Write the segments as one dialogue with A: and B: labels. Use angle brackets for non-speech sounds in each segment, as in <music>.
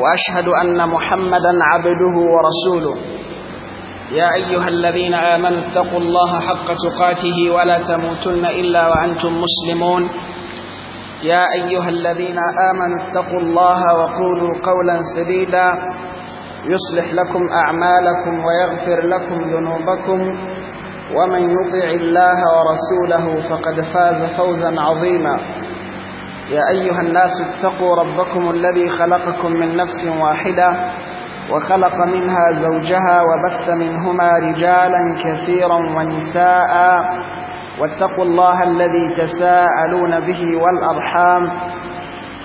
A: وأشهد أن محمدا عبده ورسوله يا أيها الذين آمنوا اتقوا الله حق تقاته ولا تموتن إلا وأنتم مسلمون يا أيها الذين آمنوا اتقوا الله وقولوا قولا سديدا يصلح لكم أعمالكم ويغفر لكم ذنوبكم ومن يطع الله ورسوله فقد فاز فوزا عظيما يا أيها الناس اتقوا ربكم الذي خلقكم من نفس واحدة وخلق منها زوجها وبث منهما رجالا كثيرا ونساء واتقوا الله الذي تساءلون به والأرحام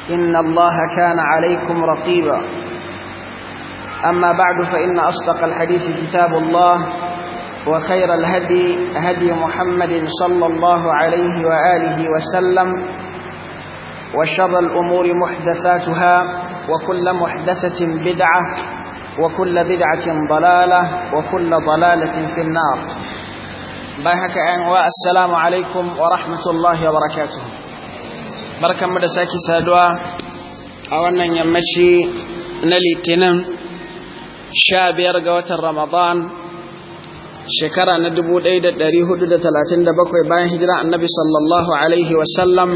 A: إن الله كان عليكم رقيبا أما بعد فإن أصدق الحديث كتاب الله وخير الهدي هدي محمد صلى الله عليه وآله وسلم وشر الأمور محدثاتها وكل محدثة بدعة وكل بدعة ضلالة وكل ضلالة في النار باهك والسلام عليكم ورحمة الله وبركاته بركة مدساكي سادوا أولا يمشي نلي تنم شاب يرقوة رمضان shekara na 1437 bayan hijira annabi sallallahu alaihi wasallam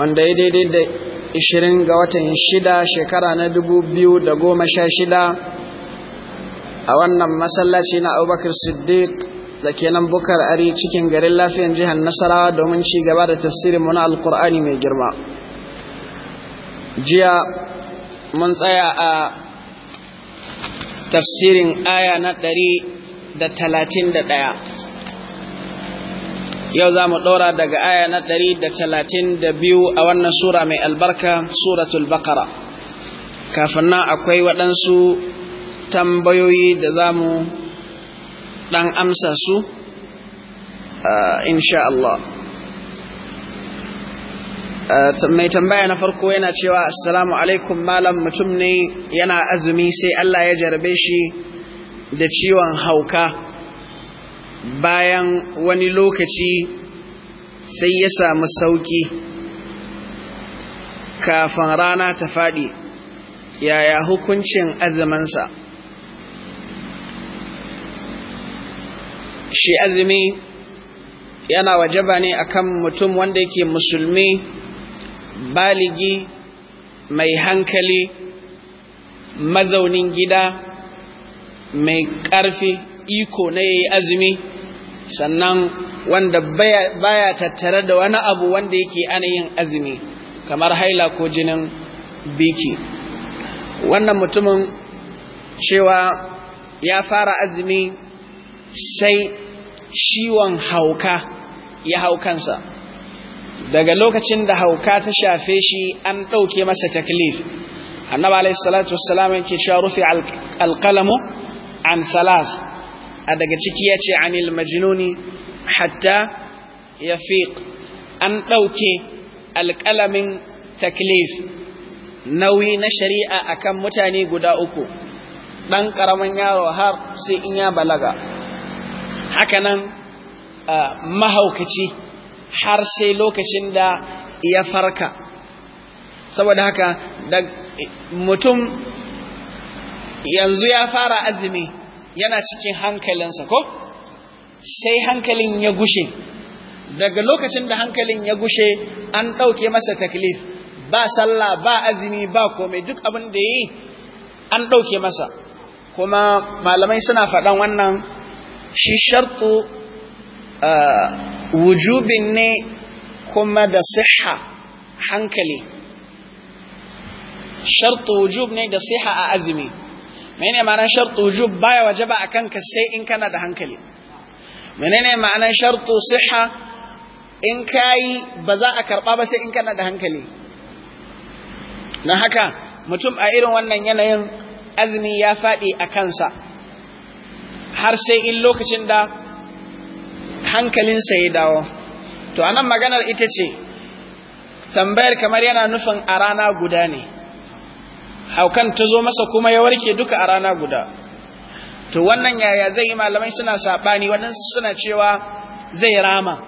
A: wanda ya daidai da 20 ga watan shida shekara na 2016 a wannan masallaci na abubakar siddiq da kenan bukar ari cikin garin lafiyan jihar nasarawa domin ci gaba da tafsirin na alkur'ani mai girma jiya mun tsaya a tafsirin aya na 131 yau za mu ɗora daga aya na ɗari da talatin da biyu a wannan sura mai albarka suratul bakara kafin nan akwai waɗansu tambayoyi da za mu ɗan amsa su insha Allah mai tambaya na farko yana cewa assalamu alaikum malam mutum ne yana azumi sai Allah ya jarabe shi da ciwon hauka bayan wani lokaci sai ya samu sauki kafin rana ta faɗi yaya hukuncin azumansa shi azumi yana wajaba ne akan mutum wanda yake musulmi baligi mai hankali mazaunin gida mai ƙarfi iko na yayi azumi sannan wanda baya tattare da wani abu wanda yake ana yin azumi kamar haila ko jinin biki wannan mutumin cewa ya fara azumi sai ciwon hauka ya haukansa daga lokacin da hauka ta shafe shi an ɗauke masa taklif annaba alaihi salatu wassalam yake cewa rufe alƙalamu an salas a daga ciki ya ce anil majinuni hatta ya an ɗauke alƙalamin taklif nauyi na shari'a akan mutane guda uku ɗan ƙaramin yaro har sai in ya balaga hakanan mahaukaci har sai lokacin da ya farka saboda haka mutum yanzu ya fara azumi yana cikin hankalinsa ko sai hankalin ya gushe daga lokacin da hankalin ya gushe an ɗauke masa taklif ba sallah ba azumi ba komai duk abin da yi an ɗauke masa kuma malamai suna faɗan wannan shi shartu wujubin ne kuma da siha hankali shartu wujub ne da siha a azumi menene ma'anar shartu wujub baya wajaba akan ka sai in kana da hankali menene ma'anar shartu siha in kai ba za a karba ba sai in kana da hankali na haka mutum a irin wannan yanayin azumi ya faɗi a kansa har sai in lokacin da hankalinsa ya dawo to anan maganar ita ce tambayar kamar yana nufin a rana guda ne haukan ta zo masa kuma ya warke duka a rana guda to wannan yaya zai yi malamai suna saɓani waɗansu suna cewa zai rama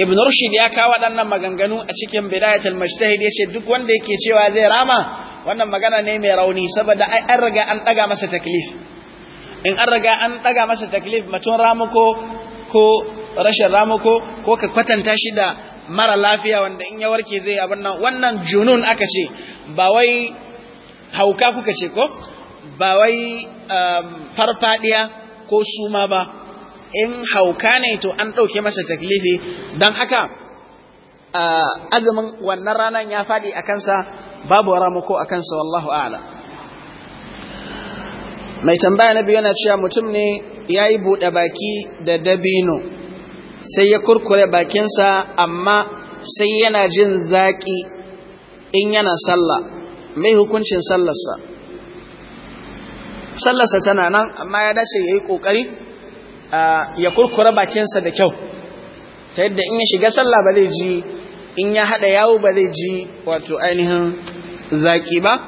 A: ibn rushd ya kawo waɗannan maganganu a cikin bidayatul mujtahid yace duk wanda yake cewa zai rama wannan magana ne mai rauni saboda ai an riga an daga masa taklif in an riga an daga masa taklif mutum ramuko ko rashin ramuko ko ka kwatanta shi da mara lafiya wanda in ya warke zai abin nan wannan junun aka ce ba wai hauka kuka ce ko ba wai um, farfadiya ko suma ba in hauka ne to an ɗauke masa taklifi don haka azumin wannan ranar ya faɗi a kansa babu ramako a kansa wallahu ala mai tambaya na biyu yana cewa mutum ne ya yi buɗe baki da dabino sai ya kurkure bakinsa amma sai yana jin zaƙi in yana sallah mai hukuncin sallarsa sallarsa tana nan amma ya dace ya yi ƙoƙari ya kurkura bakinsa da kyau ta yadda in ya shiga sallah ba zai ji in ya haɗa yawo ba zai ji wato ainihin zaƙi ba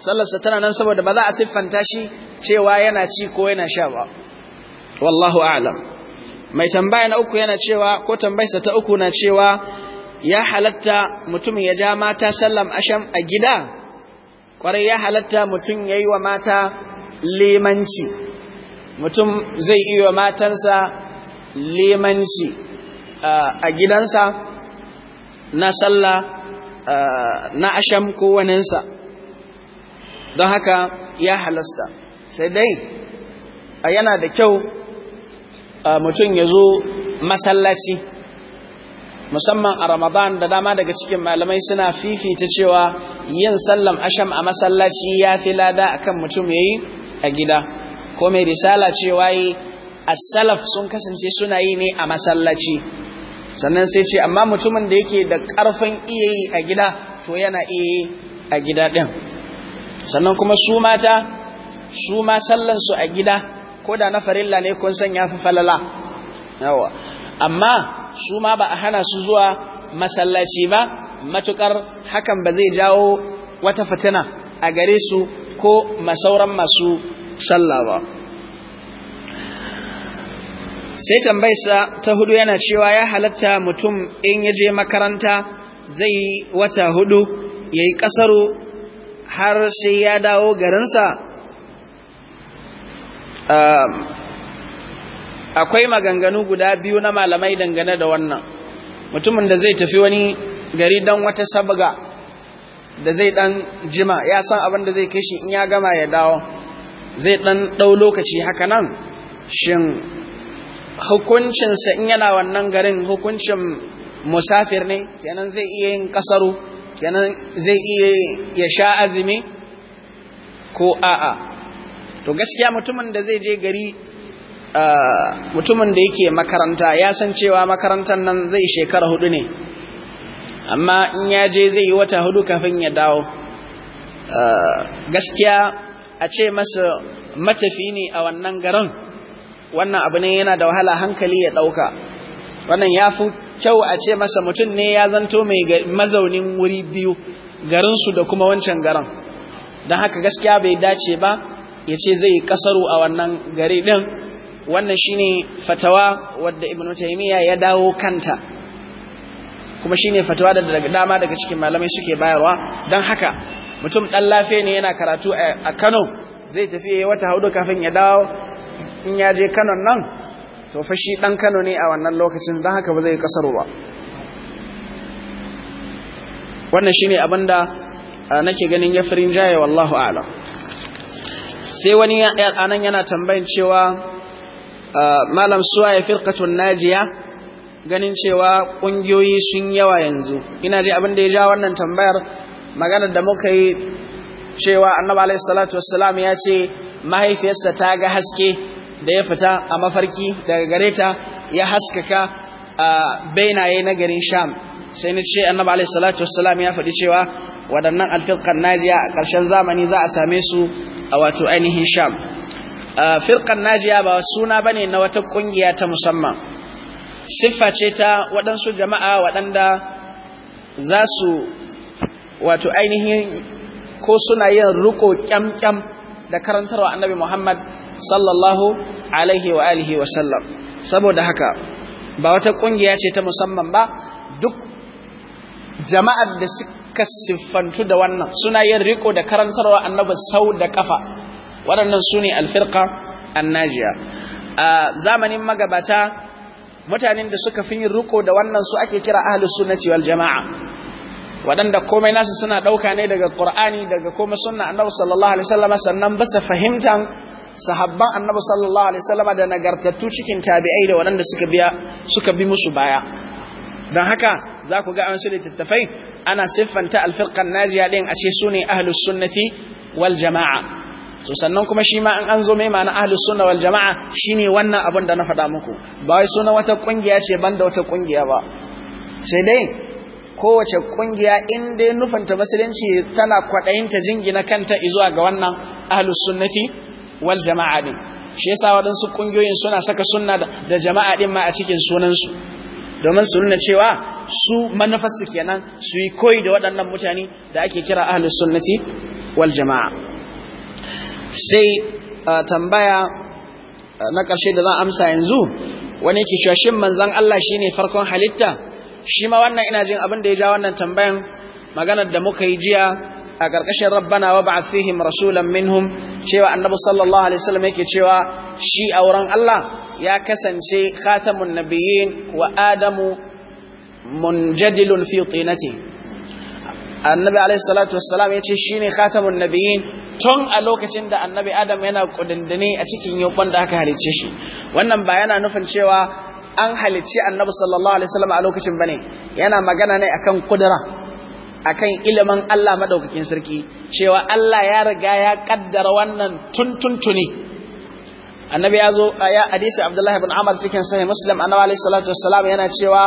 A: sallarsa tana nan saboda ba za a siffanta shi cewa yana ci ko yana sha ba wallahu a'lam mai tambaya na uku yana cewa ko tambayarsa ta uku na cewa ya halatta mutum ya ja mata sallam asham a gida kwarai ya halatta mutum ya yi wa mata limanci mutum zai iya matansa limanci a gidansa na sallah na asham ko don haka ya halasta sai dai yana da kyau mutum ya zo masallaci musamman a ramadan da dama daga cikin malamai suna fifita cewa yin sallam asham a masallaci ya fi lada akan mutum ya yi a gida ko mai risala cewa yi asalaf sun kasance suna yi ne a masallaci sannan sai ce amma mutumin da yake da karfin iya yi a gida to yana iya yi a gida ɗin sannan kuma su mata su ma sallansu a gida ko da na farilla ne kun san ya fi falala amma su ma ba a hana su zuwa masallaci ba matukar hakan ba zai jawo wata fatana a gare su ko masauran masu sallah ba sai tambayarsa ta hudu yana cewa ya halatta mutum in ya je makaranta zai wata hudu ya yi ƙasaru har sai ya dawo garinsa akwai maganganu guda biyu na malamai dangane da wannan mutumin da zai tafi wani gari dan wata sabga da zai dan jima ya san abin da zai kai shi in ya gama ya dawo zai dan dau lokaci haka nan shin hukuncinsa in yana wannan garin hukuncin musafir ne kenan zai iya yin kasaru kenan zai iya ya sha azumi ko a'a to gaskiya mutumin da zai je gari Ah, mutumin da yake makaranta ya san cewa makarantar nan zai shekara hudu ne amma in ya je zai yi wata hudu kafin ya dawo ah, gaskiya a ce masa matafi ne a wannan garin wannan abu ne yana da wahala hankali ya ɗauka wannan ya fi kyau a ce masa mutum ne ya zanto mai mazaunin wuri biyu garinsu da kuma wancan garin don haka gaskiya bai dace ba ya ce zai kasaru a wannan gari din. wannan shine fatawa wadda ibn taymiya ya dawo kanta kuma shine fatawa da dama daga cikin malamai suke bayarwa dan haka mutum dan lafiya ne yana karatu a Kano zai tafi wata haudu kafin ya dawo in ya je Kano nan to fa shi dan Kano ne a wannan lokacin dan haka ba zai kasaro ba wannan shine abinda nake ganin ya firin jaye wallahu a'lam sai wani anan yana tambayin cewa Ah, malam suwaye firkatun najiya ganin cewa ƙungiyoyi sun yawa yanzu ina ji abin da ya ja wannan tambayar maganar da muka yi cewa annaba alaihi salatu wassalam ya ce mahaifiyarsa ta ga haske da ya fita a mafarki daga gareta ya haskaka a bainaye na garin sham sai ni ce annaba alaihi salatu wassalam ya faɗi cewa waɗannan alfilkan najiya a ƙarshen zamani za a same su a wato ainihin sham Firkar najiya ba suna bane na wata ƙungiya ta musamman siffa ce ta waɗansu jama'a waɗanda za su wato ainihin ko suna yin riko kyamkyam da karantarwa annabi Muhammad sallallahu alaihi wa alihi wa sallam saboda haka ba wata ƙungiya ce ta musamman ba duk jama'ar da suka siffantu da wannan suna yin riko da karantarwa annabi sau da kafa waɗannan su ne alfirka annajiya a zamanin magabata mutanen da suka fi yin riko da wannan su ake kira ahlus sunnati wal jama'a waɗanda komai nasu suna ɗauka ne daga ƙur'ani, daga kuma suna annabu sallallahu alaihi wasallam sannan ba su fahimtan sahabban annabi sallallahu alaihi wasallam da nagartattu cikin tabi'ai da waɗanda suka biya suka bi musu baya don haka za ku ga an su littattafai ana siffanta alfirqan najiya din a ce su ne ahlus sunnati wal jama'a so sannan kuma shi ma in an zo mai na ahlus sunna wal jama'a shine wannan abin da na faɗa muku ba wai suna wata kungiya ce banda wata kungiya ba sai dai kowace kungiya in dai nufinta musulunci tana kwaɗayin ta jingina kanta zuwa ga wannan ahlus sunnati wal jama'a din shi yasa wadansu kungiyoyin suna saka sunna da jama'a din ma a cikin sunansu domin su nuna cewa su manufarsu kenan su yi koyi da waɗannan mutane da ake kira ahlus sunnati wal jama'a sai ah, tambaya ah, na ƙarshe da zan amsa yanzu wani yake cewa shin manzon Allah shine farkon halitta shi ma wannan ina jin abin da ya ja wannan tambayan maganar da muka yi jiya a ƙarƙashin rabbana wa ba'a fihim rasulan minhum cewa annabi sallallahu alaihi wasallam yake cewa shi auren Allah ya kasance khatamun nabiyyin wa adamu munjadilun fi tinati annabi alaihi salatu wassalam yace shine khatamun nabiyyin tun a lokacin da annabi adam yana kudindini a cikin yankon da aka halicce shi wannan ba yana nufin cewa an halicci annabi sallallahu alaihi wasallam a lokacin bane yana magana ne akan kudura akan ilimin Allah madaukakin sarki cewa Allah ya riga ya kaddara wannan tuntuntuni annabi ya zo a ya hadisi abdullahi ibn amr cikin sahih muslim annabi alaihi salatu wassalam yana cewa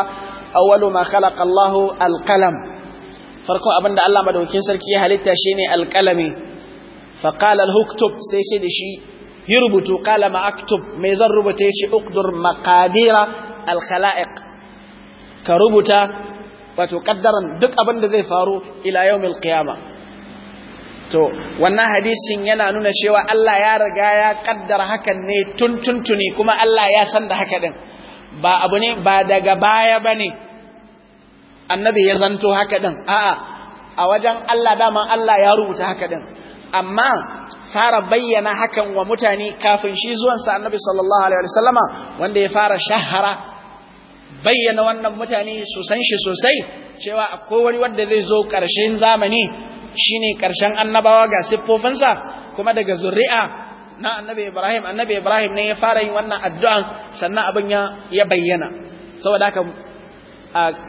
A: awwalu ma khalaqa Allahu alqalam abinda Allah madaukakin sarki ya halitta shine alqalami فقال الهكتب سيشي دشي يربط قال ما أكتب ميزان ربطيشي أقدر مقادير الخلائق كربط وتقدر دك أبن زي فارو إلى يوم القيامة to wannan hadisin yana nuna cewa Allah ya riga ya kaddara hakan ne tun tuntuni kuma Allah ya san da haka din ba abu ne ba daga baya bane annabi ya zanto haka din a'a a wajen Allah dama Allah ya rubuta haka din amma fara bayyana hakan wa mutane kafin shi zuwansa annabi sallallahu alaihi wasallama wanda ya fara shahara bayyana wannan mutane su san shi sosai cewa akwai wani wanda zai zo ƙarshen zamani shine ƙarshen annabawa ga siffofinsa kuma daga zuri'a na annabi Ibrahim annabi Ibrahim ne ya fara yin wannan addu'a sannan abin ya bayyana saboda haka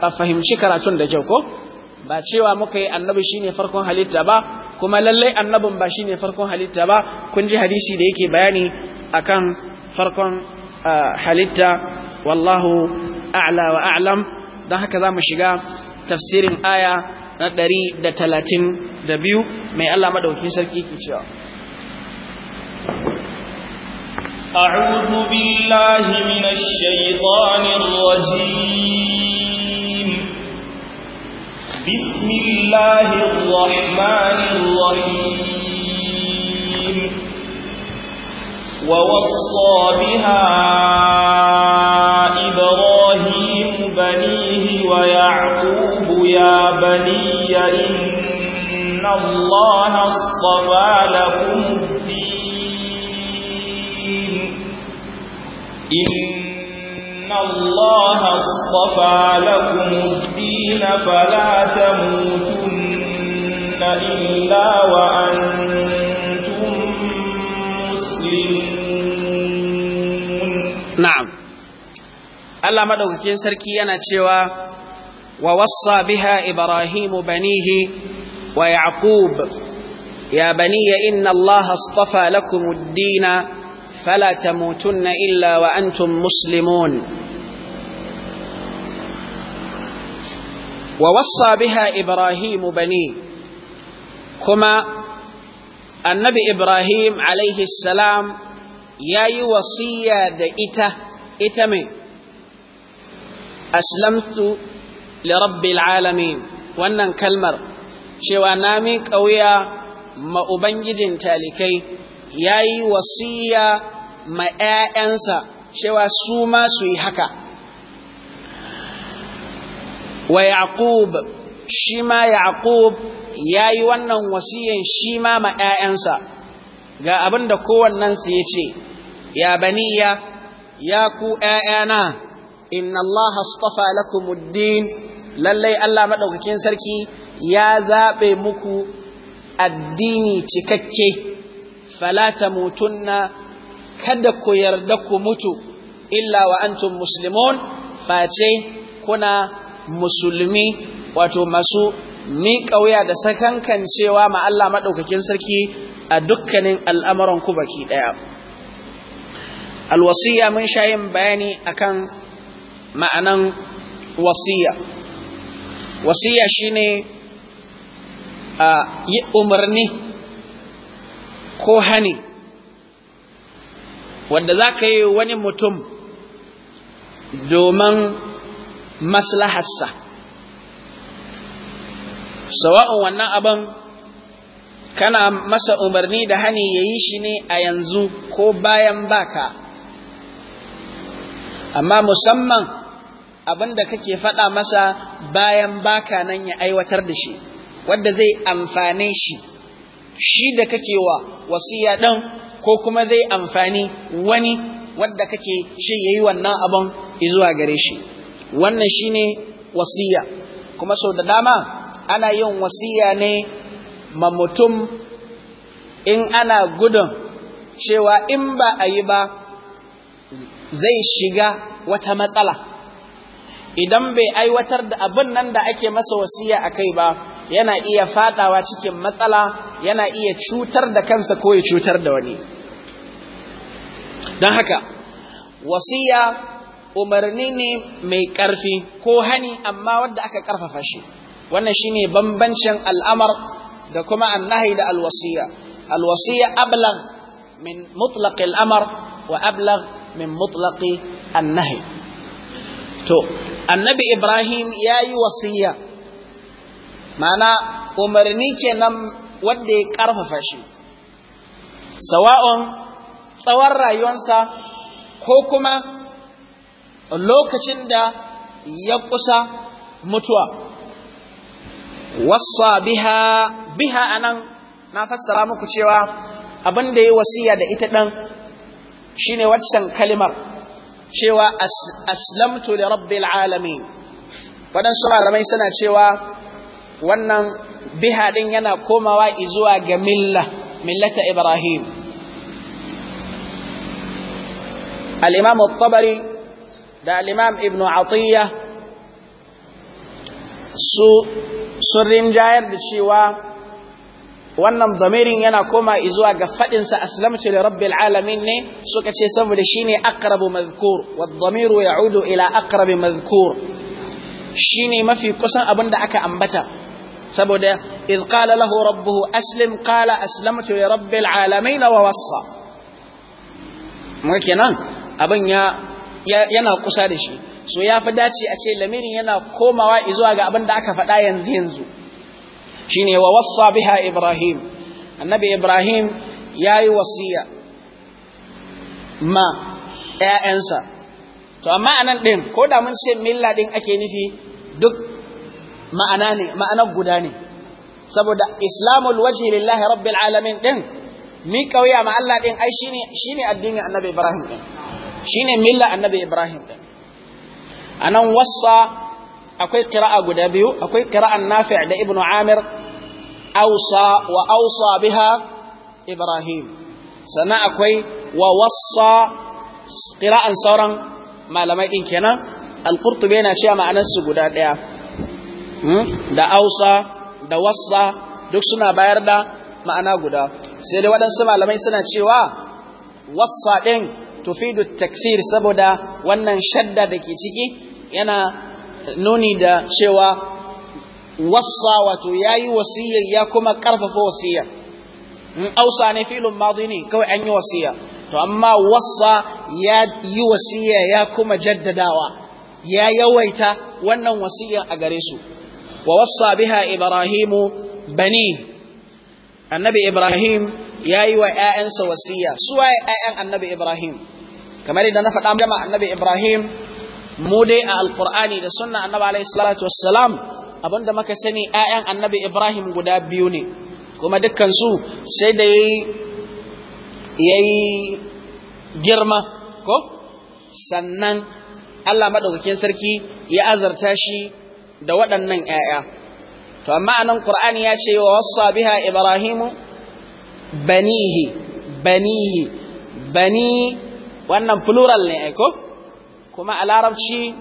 A: a fahimci karatun da kyau ko ba cewa muka yi annabi shine farkon halitta ba kuma lallai annabin ba shine farkon halitta ba kun ji hadisi da yake bayani akan farkon halitta wallahu a'la wa a'lam don haka za mu shiga tafsirin aya na ɗari da talatin da biyu mai Allah maɗaukin sarki ke cewa
B: أعوذ بالله من الشيطان الرجيم بسم الله الرحمن الرحيم ووصى بها إبراهيم بنيه ويعقوب يا بني إن الله اصطفى لكم الدين إن الله اصطفى لكم الدين فلا تموتن إلا وأنتم مسلمون نعم
A: الله مدوكين سركيانا تشوى ووصى بها إبراهيم بنيه ويعقوب يا بني إن الله اصطفى لكم الدين فلا تموتن إلا وأنتم مسلمون ووصى بها إبراهيم بني كما النبي إبراهيم عليه السلام ياي وصية دئتة إتمي أسلمت لرب العالمين وأن كلمر شوى نامي قوية ما أبنجد تالكي ياي وصية ma ‘ya'yansa cewa su ma su yi haka wa yaqub shi ma yaqub ya yi wannan wasiyan shi ma ma ‘ya'yansa ga abinda da su ya ce ya baniya ya ku ‘ya'yana inna Allah astafa lakumuddin lallai Allah maɗaukakin sarki ya zaɓe muku addini cikakke fala tamutunna kada ku yarda ku mutu illa wa antum muslimun face kuna musulmi wato masu ni kauya da sakankancewa ma Allah maɗaukakin sarki a dukkanin al'amuran ku baki ɗaya. Alwasiya mun sha yin bayani akan ma'anan wasiya. Wasiya shine a yi umarni ko hani wanda za ka yi wani mutum domin maslaharsa sawa'un wannan abin kana masa umarni da hani ya yi shi ne a yanzu ko bayan baka amma musamman abin da kake faɗa masa bayan baka nan ya aiwatar da shi wanda zai amfane shi shi da kake wa wasiya ɗin ko kuma zai amfani wani wadda kake shi yayi wannan abun zuwa gare shi wannan shine wasiya kuma sau da dama ana yin wasiya ne ma mutum in ana gudun cewa in ba a yi ba zai shiga wata matsala idan bai aiwatar da abun nan da ake masa wasiya a kai ba yana iya fadawa cikin matsala yana iya cutar da kansa ko ya cutar da wani don haka wasiya umarni ne mai ƙarfi ko hani amma wadda aka ƙarfafa shi wannan shine bambancin al'amar da kuma annahi da alwasiya alwasiya ablagh min mutlaƙi al'amar wa ablag min mutlaƙi annahi to annabi ibrahim yayi wasiya ma'ana umarni kenan wanda ya ƙarfafa shi sawa'un tsawon rayuwansa ko kuma lokacin da ya kusa mutuwa wasa biha biha anan na fassara muku cewa abin da ya wasiya da ita ɗan shine waccan kalimar cewa aslamtu li rabbil alamin waɗansu malamai suna cewa wannan biha ɗin yana komawa izuwa ga milla millata ibrahim al-imam da limam ibnu ibn atiyya sun rinjayar da cewa wannan zamirin yana koma izuwa ga faɗinsa aslamtu li rabbil alamin ne suka ce saboda shine aqrabu madhkur wad damiru ya'udu ila aqrabi mazkur shine mafi kusan abin da aka ambata saboda id qala lahu rabbuhu aslim qala aslamtu li rabbil alamin wa wassa mu kenan abin ya yana kusa da shi so ya fi dace a ce lamirin yana komawa zuwa ga abin da aka faɗa yanzu yanzu Shi ne wa wassa biha ibrahim annabi ibrahim ya yi wasiya ma ‘ya'yansa to amma anan ɗin ko da mun ce milla ɗin ake nufi duk ma'ana ne ma'anar guda ne saboda islamul waje lillahi rabbil alamin ɗin mi kauya ma Allah ɗin ai shi ne addinin annabi ibrahim ɗin shine milla annabi Ibrahim din anan wasa akwai qira'a guda biyu akwai qira'an Nafi' da ibnu Amir awsa wa awsa biha Ibrahim sana akwai wa wassa qira'an sauran malamai din kenan al-Qurtubi yana cewa su guda daya hmm? da awsa da wasa duk suna bayar da ma'ana guda sai dai waɗansu malamai suna cewa wassa ɗin tufidu taksir saboda wannan shadda da ke ciki yana nuni da cewa wasa wato ya yi wasiyar ya kuma ƙarfafa wasiyar in ausa ne filin mazi ne kawai an yi wasiyar to amma wasa ya yi wasiya ya kuma jaddadawa ya yawaita wannan wasiyar a gare su wa wasa biha ibrahimu bani annabi ibrahim ya yi wa ‘ya'yansa wasiya, su waye ‘ya'yan annabi Ibrahim, kamar yadda na faɗa dama annabi Ibrahim mu dai a alkur'ani da sunna annabi alaihi salatu wassalam da muka sani ƴaƴan annabi Ibrahim guda biyu ne kuma dukkan su sai da yayi girma ko sannan Allah madaukakin sarki ya azarta shi da waɗannan ƴaƴa to amma anan qur'ani ya ce wa wassa biha ibrahimu banihi banihi bani wannan plural ne aiko eh, kuma a larabci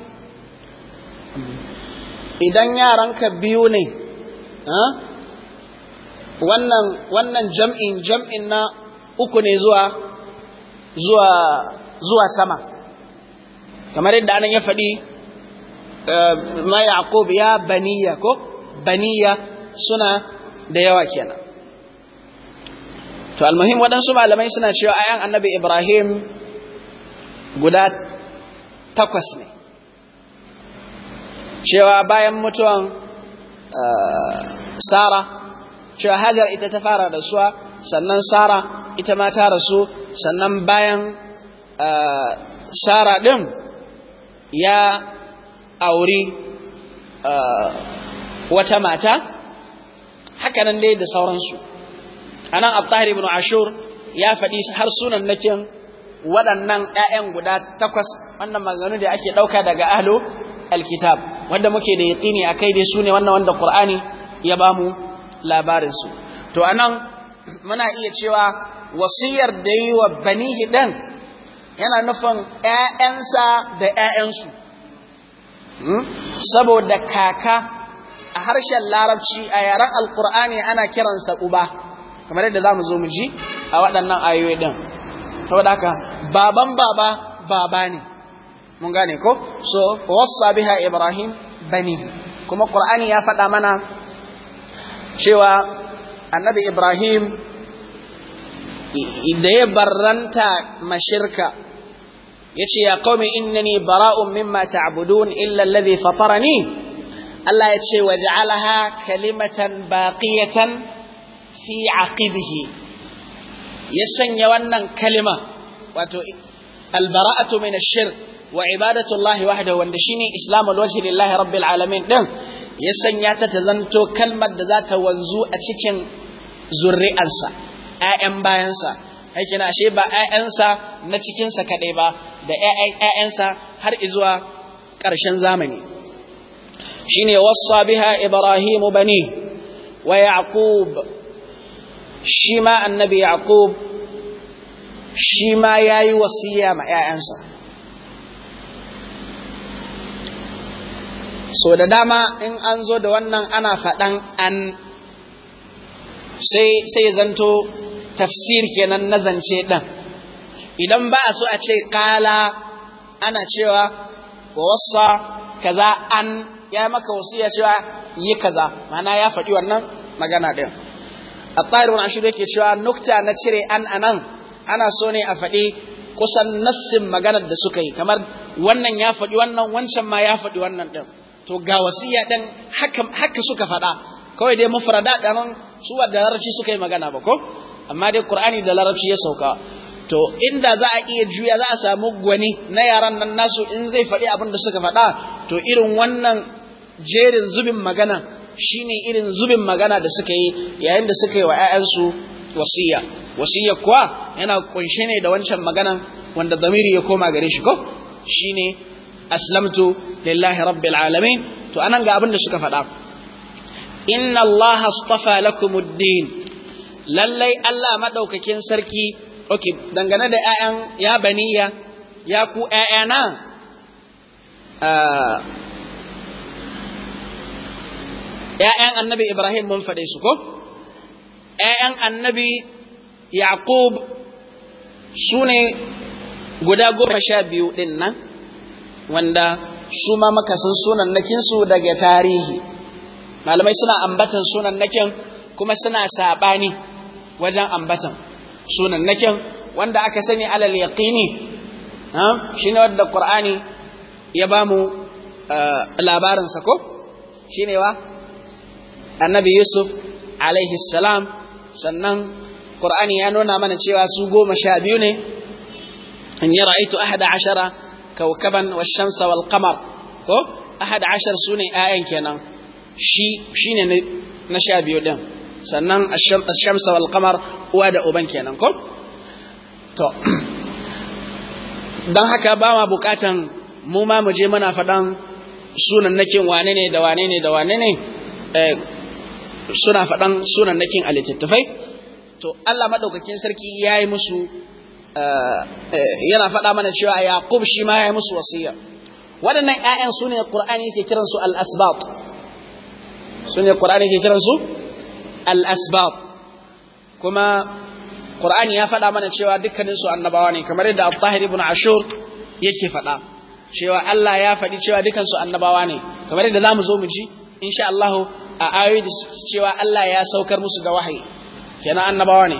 A: idan yaranka biyu ne wannan wannan jam'in jam'in na uku ne zuwa zuwa zuwa sama kamar yadda anan ya faɗi na eh, yaqub ya baniya ko baniya suna da yawa kenan to almuhim waɗansu malamai suna cewa ayan annabi ibrahim guda takwas ne cewa bayan mutuwan eh, sara cewa hajar ita ta fara da suwa, sannan sara ita ma ta rasu sannan bayan eh, sara ɗin ya auri eh, wata mata hakanan dai da sauransu anan abtahir ibn ashur ya faɗi har sunan nakin waɗannan ƴaƴan guda takwas wannan maganganu da ake ɗauka daga alo alkitab wanda muke da yaƙini akai dai sune wannan wanda qur'ani ya ba mu su. to anan muna iya cewa wasiyar da yi wa bani hidan yana nufin ‘ya'yansa da ‘ya'yansu hmm? saboda kaka a harshen larabci a yaren alqur'ani ana kiransa uba kamar yadda za mu zo mu ji a waɗannan ayoyi ɗin saboda haka baban baba baba ne mun gane ko so wasa biha ibrahim bani kuma qur'ani ya faɗa mana cewa annabi ibrahim da ya barranta mashirka ya ce ya qaumi innani bara'un mimma ta'budun illa alladhi fatarani Allah ya ce waj'alaha kalimatan baqiyatan fi aqibihi ya sanya wannan kalima wato albara'atu min ash-shirk wa ibadatullahi wahda wanda shine islamul wajhi lillahi rabbil alamin din ya sanya ta ta zanto kalmar da za ta wanzu a cikin zuri'ansa. ‘ya'yan bayansa aikin ashe ba ayansa na cikinsa kaɗai ba da ‘ya'yansa har izuwa ƙarshen zamani shi ne biha Ibrahim bani wa yaqub shi ma annabi yaqub shi ma ya yi wasiya ma 'ya'yansa so da dama in an zo da wannan ana faɗan an sai zanto tafsir kenan na zance ɗan idan ba a so a ce ƙala ana cewa wa wasa kaza an ya maka wasiya cewa yi kaza mana ya faɗi wannan magana ɗin a tsarin ashiru yake cewa nukta na cire an anan ana so ne a faɗi kusan nassin maganar da suka yi kamar wannan ya faɗi wannan wancan ma ya faɗi wannan ɗin to ga wasiya ɗin haka suka faɗa kawai dai mafarada ɗanan su wa da larabci suka yi magana ba ko amma dai ƙur'ani da larabci ya sauka to inda za a iya juya za a samu gwani na yaran nan nasu in zai faɗi abin da suka faɗa to irin wannan jerin zubin magana shine irin zubin magana da suka yi yayin da suka yi wa 'ya'yansu wasiya wasiya kuwa yana kunshe ne da wancan maganan wanda damiri ya koma gare shi ko shine aslamtu lillahi rabbil alamin to anan ga abin da suka faɗa inna allaha astafa lakum lallai Allah madaukakin sarki okay dangane da ƴaƴan ya baniya ya ku ƴaƴana annabi Ibrahim mun faɗe su ko? annabi yaqub su ne guda goma sha biyu ɗin nan wanda su ma makasin su daga tarihi malamai suna ambatan sunan nakin kuma suna saɓani wajen ambatan sunan nakin wanda aka sani alal yaqini shi ne wadda ƙur'ani ya ba mu eh, labarinsa ko shi ne wa annabi yusuf alaihi salam sannan Qur'ani ya nuna mana cewa su goma sha biyu ne in yi ra'aitu ahada ashara kaukaban wa shamsa wal qamar ko ahada ashar su ne ayan kenan shi shine na sha biyu din sannan ash-shamsa wal qamar uwa da uban kenan ko to <clears throat> dan haka ba ma bukatan mu ma mu je muna faɗan sunan nakin wane ne da wane ne da wane ne eh, suna faɗan sunan nakin alittafai to Allah madaukakin sarki ya yi musu eh, eh, yana faɗa mana cewa Yaqub shi ma ya yi musu wasiya waɗannan ƴaƴan su ne Qur'ani yake kiran su al-asbab su ne Qur'ani yake kiran su al-asbab kuma Qur'ani ya faɗa mana cewa dukkanin su annabawa ne kamar yadda Al-Tahir ibn Ashur yake faɗa cewa Allah ya faɗi cewa dukkan su annabawa ne kamar yadda zamu zo mu ji insha Allah a ayoyi cewa Allah ya saukar musu da wahayi kenan annabawa ne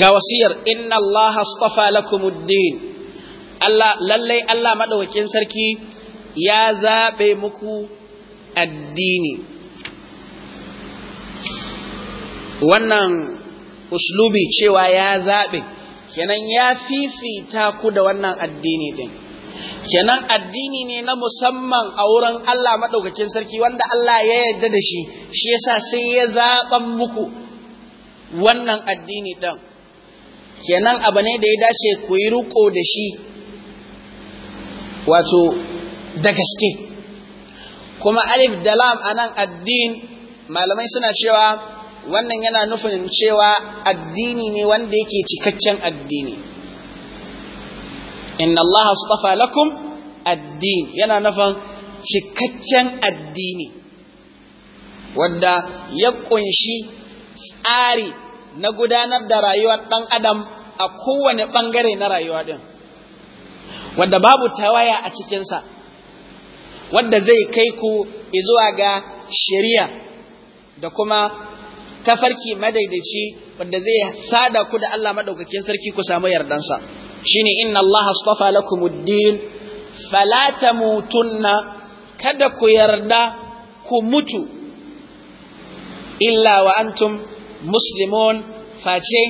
A: ga wasiyar inna Allah astafa lakumuddin Allah lallai Allah madaukakin sarki ya zabe muku addini wannan uslubi cewa ya zabe kenan ya fifita ku da wannan addini din kenan addini ne na musamman a wurin Allah maɗaukakin sarki wanda Allah ya yarda da shi shi yasa sai ya zaɓan muku wannan addini ɗin kenan abu ne da ya dace ku yi riƙo da shi wato da gaske kuma alif da lam a nan addin malamai suna cewa wannan yana nufin cewa addini ne wanda yake cikakken addini inna Allah astafa lakum addini yana nufin cikakken addini wanda ya kunshi tsari na gudanar da rayuwar ɗan adam a kowane ɓangare na rayuwa ɗin wanda babu tawaya a cikinsa wanda zai kai ku zuwa ga shari'a da kuma tafarki madaidaici wanda zai sada ku da Allah maɗaukakin sarki ku samu yardansa. shine inna Allah astafa din fala tamutunna kada ku yarda ku mutu illa wa antum muslimun face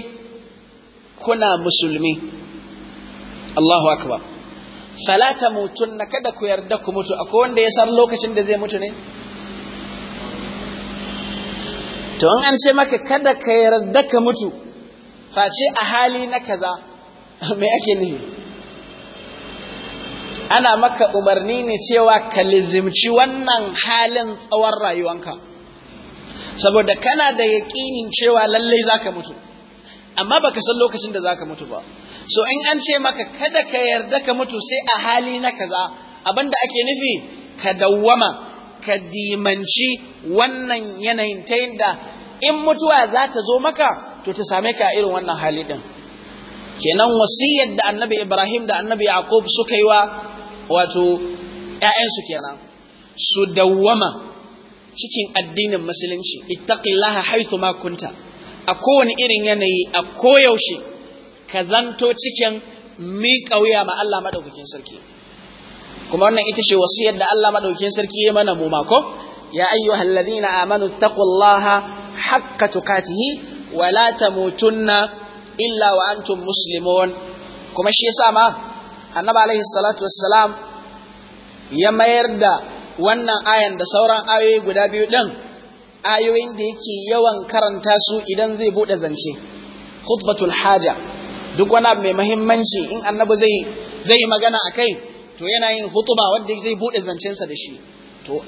A: kuna musulmi Allahu akbar fala tamutunna kada ku yarda ku mutu akwai wanda ya san lokacin da zai mutu ne to an ce maka kada ka yarda ka mutu face a hali na kaza <laughs> me ake nufi ana maka umarni ne cewa ka lizimci wannan halin tsawon rayuwanka saboda kana da yaƙinin cewa lallai zaka mutu amma baka san lokacin da zaka mutu ba so in an ce maka kada ka yarda ka mutu sai a hali na kaza abinda ake nufi ka dawwama ka dimanci wannan yanayin ta yadda in mutuwa za ta zo maka to ta same ka a irin wannan hali din kenan wasiyar da annabi ibrahim da annabi yaqub suka yi wa wato ‘ya'yansu kenan su dawwama cikin addinin musulunci ittaqillaha haythu ma kunta a kowane irin yanayi a koyaushe ka zanto cikin miƙa wuya ma Allah maɗaukakin sarki kuma wannan ita ce wasiyar da Allah maɗaukakin sarki ya mana mu mako ya ayyuhal ladina amanu taqullaha haqqa tuqatihi wa la tamutunna illa wa antum muslimun kuma shi yasa ma annabi alaihi salatu wassalam ya mayar da wannan ayan da sauran ayoyi guda biyu din ayoyin da yake yawan karanta su idan zai bude zance khutbatul haja duk wani abu mai muhimmanci in annabi zai zai magana akai to yana yin hutuba wanda zai bude zancensa da shi to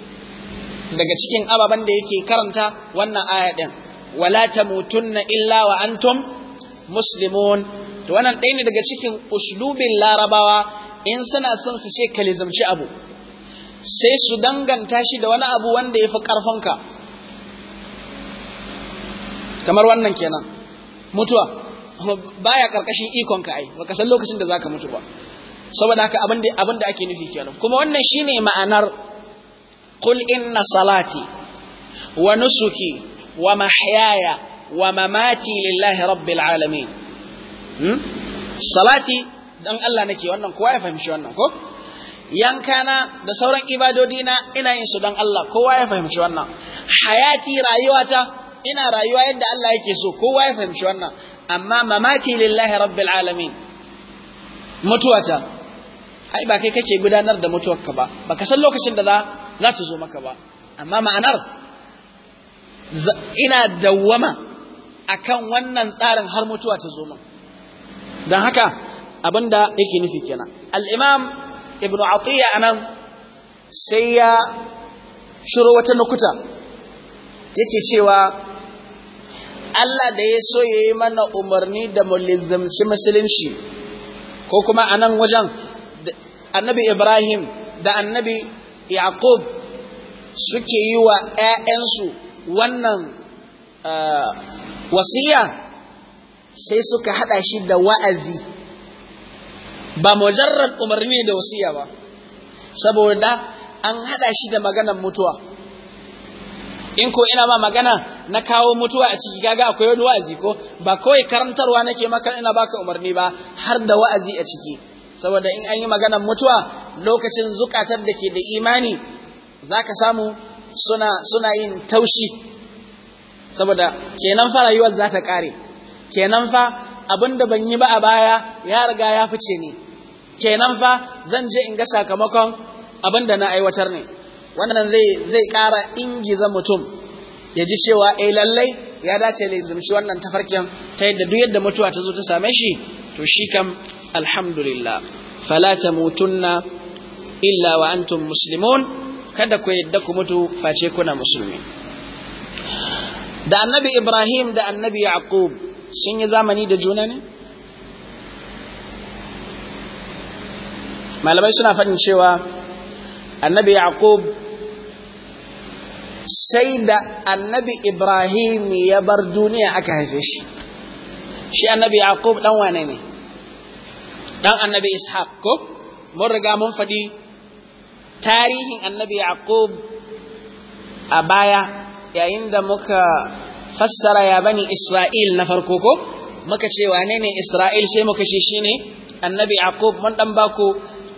A: daga cikin ababen da yake karanta wannan aya din wala tamutunna illa wa antum muslimun to wannan ɗaya ne daga cikin uslubin larabawa in suna son su ce kalizamci abu sai su danganta shi da wani abu wanda ya fi ƙarfinka kamar wannan kenan mutuwa baya ƙarƙashin ikonka ai baka san lokacin da zaka mutu ba saboda haka abin da ake nufi kenan kuma wannan shine ma'anar qul inna salati wa nusuki wa mahyaya wa mamati lillahi rabbil alamin hmm? salati dan Allah nake wannan kowa ya fahimci wannan ko yankana da sauran ibadodina ina yin su dan Allah kowa ya fahimci wannan hayati rayuwata ina rayuwa yadda Allah yake so kowa ya fahimci wannan amma mamati lillahi rabbil alamin mutuwata ai ba kai kake gudanar da mutuwarka ba baka san lokacin da za za ta zo maka ba amma ma'anar ina dawwama akan wannan tsarin har mutuwa ta zo min don haka abinda yake nufi kenan al-imam ibn atiya anan sai ya shiro wata nukuta yake cewa Allah da ya so ya yi mana umarni da mulizamci musulunci ko kuma anan wajen annabi Ibrahim da annabi Yaqub suke yi wa ‘ya'yansu wannan Ah, wasiya sai suka haɗa shi da wa'azi ba mujarrad umarni da wasiya ba saboda an hada shi da maganar mutuwa in ko ina ma magana na kawo mutuwa a ciki kaga akwai wani wa'azi ko ba kawai karantarwa nake maka ina baka umarni ba har da wa'azi a ciki saboda in an yi maganar mutuwa lokacin zukatar da ke da imani zaka samu suna suna yin taushi saboda kenan fa rayuwar za ta kare kenan fa abin da ban yi ba a baya ya riga ya fice ne, kenan fa zan je in ga sakamakon abinda na aiwatar ne wannan zai zai kara ingiza mutum ya ji cewa eh lallai ya dace ne zumci wannan tafarkin ta yadda duk yadda mutuwa ta zo ta same shi to shi kam alhamdulillah fala tamutunna illa wa antum muslimun kada ku yadda ku mutu face kuna musulmi da annabi Ibrahim da annabi Yaqub sun yi zamani da juna ne? Malamai suna faɗin cewa annabi Yaqub sai da annabi Ibrahim ya bar duniya aka haife shi. Shi annabi Yaqub ɗan wane ne? Ɗan annabi Ishaq ko? Mun riga mun faɗi tarihin annabi Yaqub a baya yayin da muka fassara ya bani Isra'il na farko ko muka ce wane ne Isra'il sai muka ce shine annabi Yaqub mun dan bako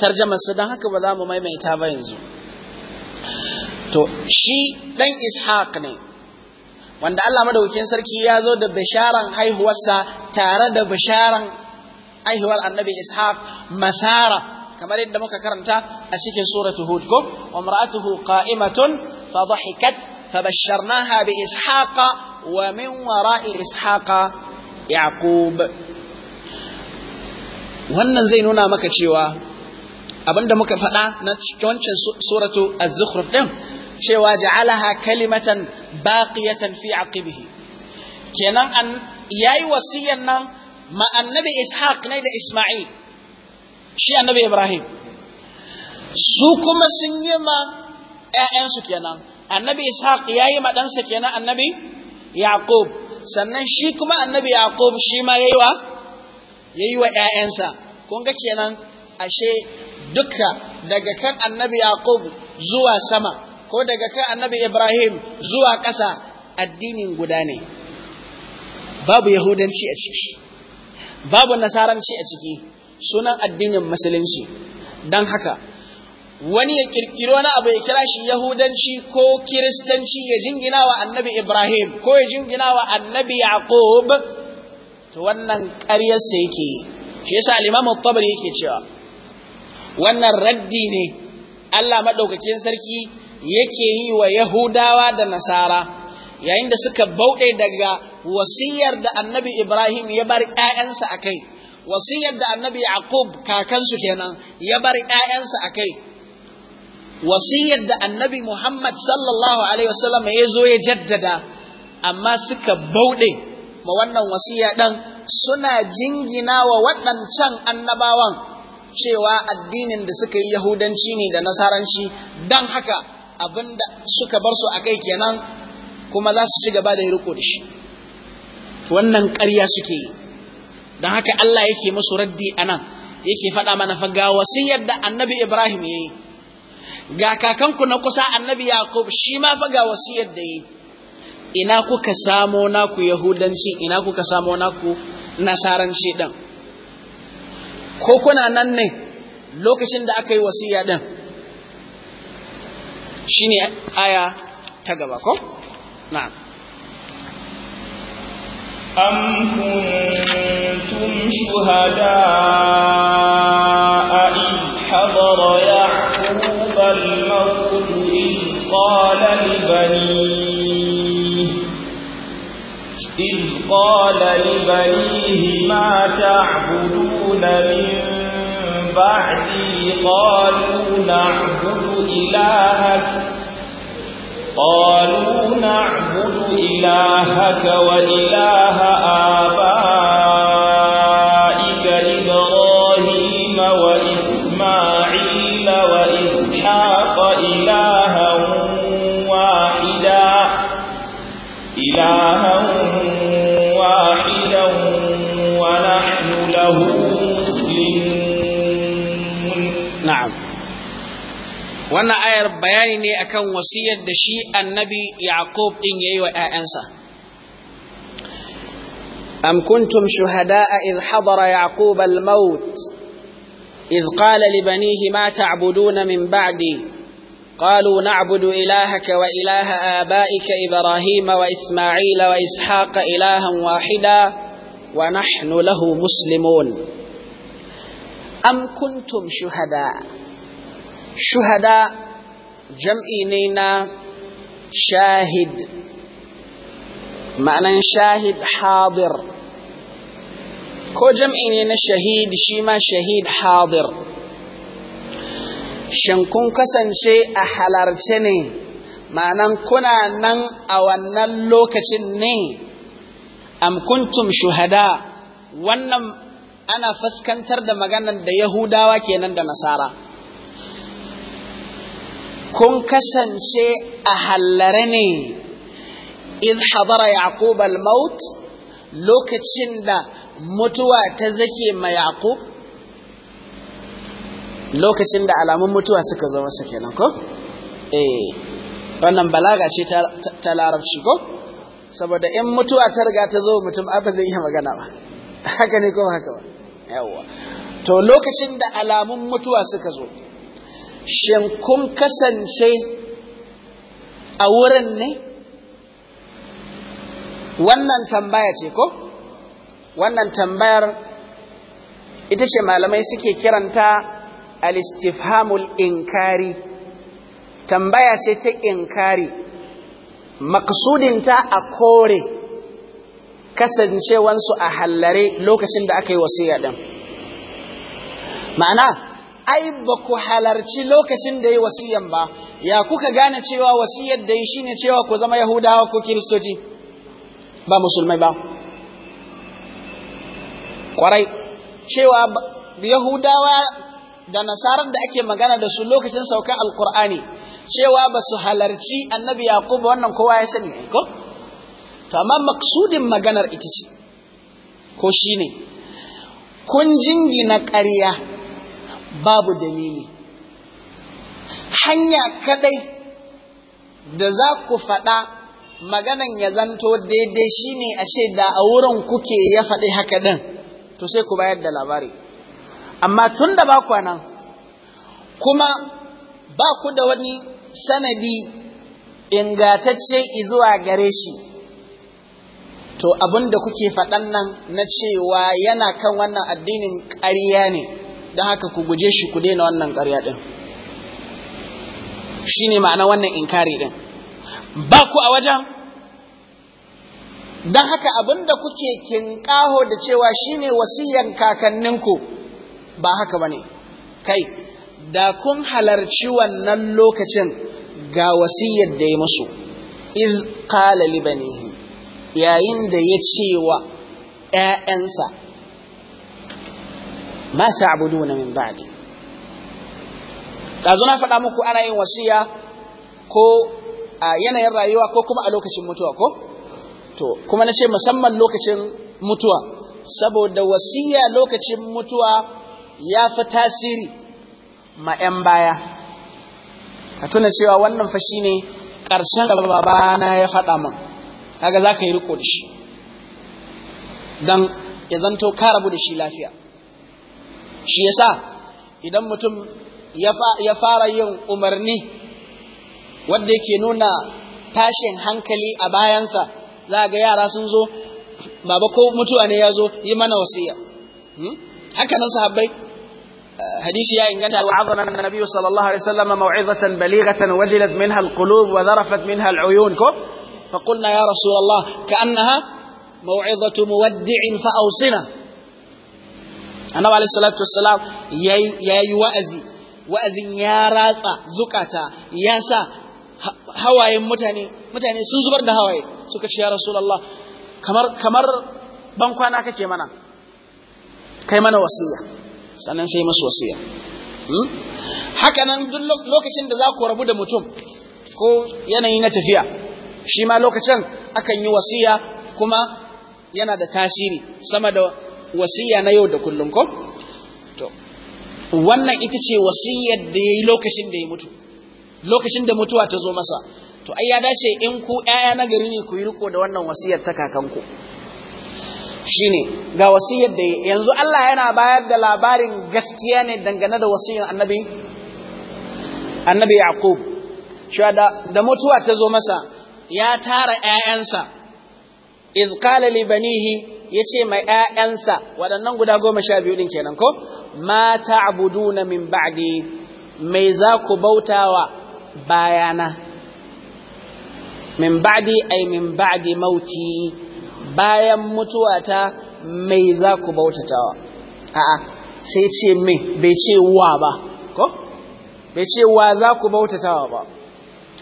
A: tarjama su dan haka ba za mu maimaita ba yanzu to shi dan Ishaq ne wanda Allah madaukakin sarki ya zo da bisharan haihuwarsa tare da bisharan haihuwar annabi Ishaq masara kamar yadda muka karanta a cikin suratu hud ko wa mar'atuhu qa'imatun fa dhahikat فبشرناها بإسحاق ومن وراء إسحاق يعقوب wannan zai nuna maka cewa abinda muka faɗa na wancan suratu az-zukhruf din cewa ja'alaha kalimatan baqiyatan fi aqibihi kenan an yayi wasiyan nan ma annabi ishaq ne da isma'il shi annabi ibrahim su kuma sun yi ma ‘ya'yansu kenan annabi ishaq yayi ma ɗansa kenan annabi yaqub sannan shi kuma annabi yaqub shi ma yayi wa yayi wa ƴaƴansa kun ga kenan ashe duka daga kan annabi yaqub zuwa sama ko daga kan annabi ibrahim zuwa ƙasa addinin guda ne babu yahudanci a ciki babu nasaranci a ciki sunan addinin musulunci don haka wani ya kirkiro wani abu ya kira shi yahudanci ko kiristanci ya jingina wa annabi ibrahim ko ya jingina wa annabi yaqub to wannan sa yake shi yasa al-imam tabari yake cewa wannan raddi ne Allah madaukakin sarki yake yi wa yahudawa da nasara yayin da suka bauɗe daga wasiyar da annabi ibrahim ya bar ƴaƴansa akai wasiyar da annabi yaqub kakansu kenan ya bar ƴaƴansa akai wasiyar da annabi Muhammad sallallahu alaihi wasallam ya zo ya jaddada amma suka bauɗe ma wannan wasiya ɗan suna jingina wa waɗancan annabawan cewa addinin da suka yi yahudanci ne da nasaranci don haka abinda suka bar su a kai kenan kuma za su ci gaba da riko da shi wannan ƙarya suke yi don haka Allah yake musu raddi a nan yake faɗa mana fa ga wasiyar da annabi Ibrahim ya yi ga kakanku na kusa annabi yaqub shi ma fa ga wasiyar da yi ina kuka samo naku yahudanci ina kuka samo ku nasaranci din ko kuna nan ne lokacin da aka yi wasiya din shine aya ta gaba ko na'am
B: أم كنتم شهداء إذ حضر الموت إذ قال لبنيه إذ قال لبنيه ما تعبدون من بعدي قالوا نعبد إلهك قالوا نعبد إلهك وإله آبائك
A: wannan ayar bayani ne akan wasiyar da shi annabi yaqub din yayi wa ƴaƴansa am kuntum shuhada'a idh hadara yaqub al-maut idh qala li banihi ma ta'buduna min ba'di قالوا نعبد إلهك وإله آبائك إبراهيم وإسماعيل وإسحاق إلها واحدا ونحن له مسلمون أم كنتم شهداء shuhada jam'i ne na shahid ma'anan shahid hadir ko jam'i ne na shahid shi ma shahid hadir shin kun kasance a halarce ne ma'anan kuna nan a wannan lokacin ne am shuhada wannan ana fuskantar da maganar da yahudawa kenan da nasara kun kasance a hallare ne in habara yaqub al-maut lokacin da mutuwa ta zake ma yaqub lokacin da alamun mutuwa suka zo masa kenan ko eh wannan balaga ce ta larabci ko saboda in mutuwa ta riga ta zo mutum ba zai iya magana ba <laughs> haka ne ko haka ba yawwa to lokacin da alamun mutuwa suka zo shin kun kasance a wurin ne wannan tambaya ce ko wannan tambayar ita ce malamai suke kiranta alistifhamul inkari tambaya ce ta inkari ta a kore kasancewansu a hallare lokacin da aka yi wasu yaɗin. ma'ana ai ba ku halarci lokacin da ya wasiyan ba ya kuka gane cewa wasiyar da shi ne cewa ku zama yahudawa ko kiristoci ba musulmai ba kwarai cewa yahudawa da nasarar da ake magana da su lokacin sauka alkur'ani cewa ba su halarci annabi ba wannan kowa ya sani ko to amma maksudin maganar ita ce ko shi ne kun jingina ƙarya babu dalili hanya kadai da za ku faɗa maganan ya zanto daidai shine a ce da a wurin kuke ya faɗi haka ɗin to sai ku bayar da labari amma tun da ba nan kuma ba ku da wani sanadi ingatacce izuwa gare shi to abin da kuke faɗan nan na cewa yana kan wannan addinin ƙarya ne da haka ku guje shi ku daina wannan ƙarya ɗin shi ne ma'ana wannan inkari ɗin ba ku a wajen don haka abin da kuke kinƙaho da cewa shi ne wasiyan kakanninku ba haka ba ne kai da kun halarci wannan lokacin ga wasiyar da ya musu iz qala libanihi yayin da ya ce wa ‘ya'yansa’ ma ta'buduna min ba'di dazu na faɗa muku ana yin wasiya ko a yanayin rayuwa ko kuma a lokacin mutuwa ko to kuma na ce musamman lokacin mutuwa saboda wasiya lokacin mutuwa ya fi tasiri ma 'yan baya ka tuna cewa wannan fa shine ƙarshen baba na ya faɗa min kaga za ka yi riko da shi don ya zanto ka rabu da shi lafiya shi yasa idan mutum ya fara yin umarni wanda yake nuna tashin hankali a bayansa za ga yara sun zo baba ko mutuwa ne ya zo yi mana wasiya haka nan sahabbai hadisi ya inganta wa azana annabi sallallahu alaihi wasallam mau'izatan balighatan wajilat minha alqulub wa zarafat minha aluyun ko فقلنا يا رسول الله كأنها موعظة مودع فأوصنا annabi alaihi salatu wassalam yayi wa'azi wa'azin ya ratsa zukata ya sa hawayen mutane mutane sun zubar da hawaye suka ce ya rasulullah kamar kamar ban kwana kake mana kai mana wasiya sannan sai masu wasiya hmm? haka nan duk lokacin da za ku rabu da mutum ko yanayi na tafiya shi ma lokacin akan yi wasiya kuma yana da tasiri sama da wasiya na yau da kullum ko to wannan ita ce wasiyar da yayi lokacin da ya mutu lokacin da mutuwa ta zo masa to ai ya dace in ku ƴaƴa na gari ne ku yi riko da wannan wasiyar ta kakanku shine ga wasiyar da yanzu Allah yana bayar da labarin gaskiya ne dangane da wasiyar annabi annabi Yaqub cewa da, da mutuwa ta zo masa ya tara ƴaƴansa iz qala li banihi ya ce ma ‘ya'yansa waɗannan guda goma sha biyu ɗin kenan ko ma na min ba'di mai za ku bauta wa bayana min ba'di ai min ba'di mauti bayan mutuwata mai za ku bauta tawa. a'a sai ce mai bai ce wa ba ko bai ce wa za ku bauta tawa ba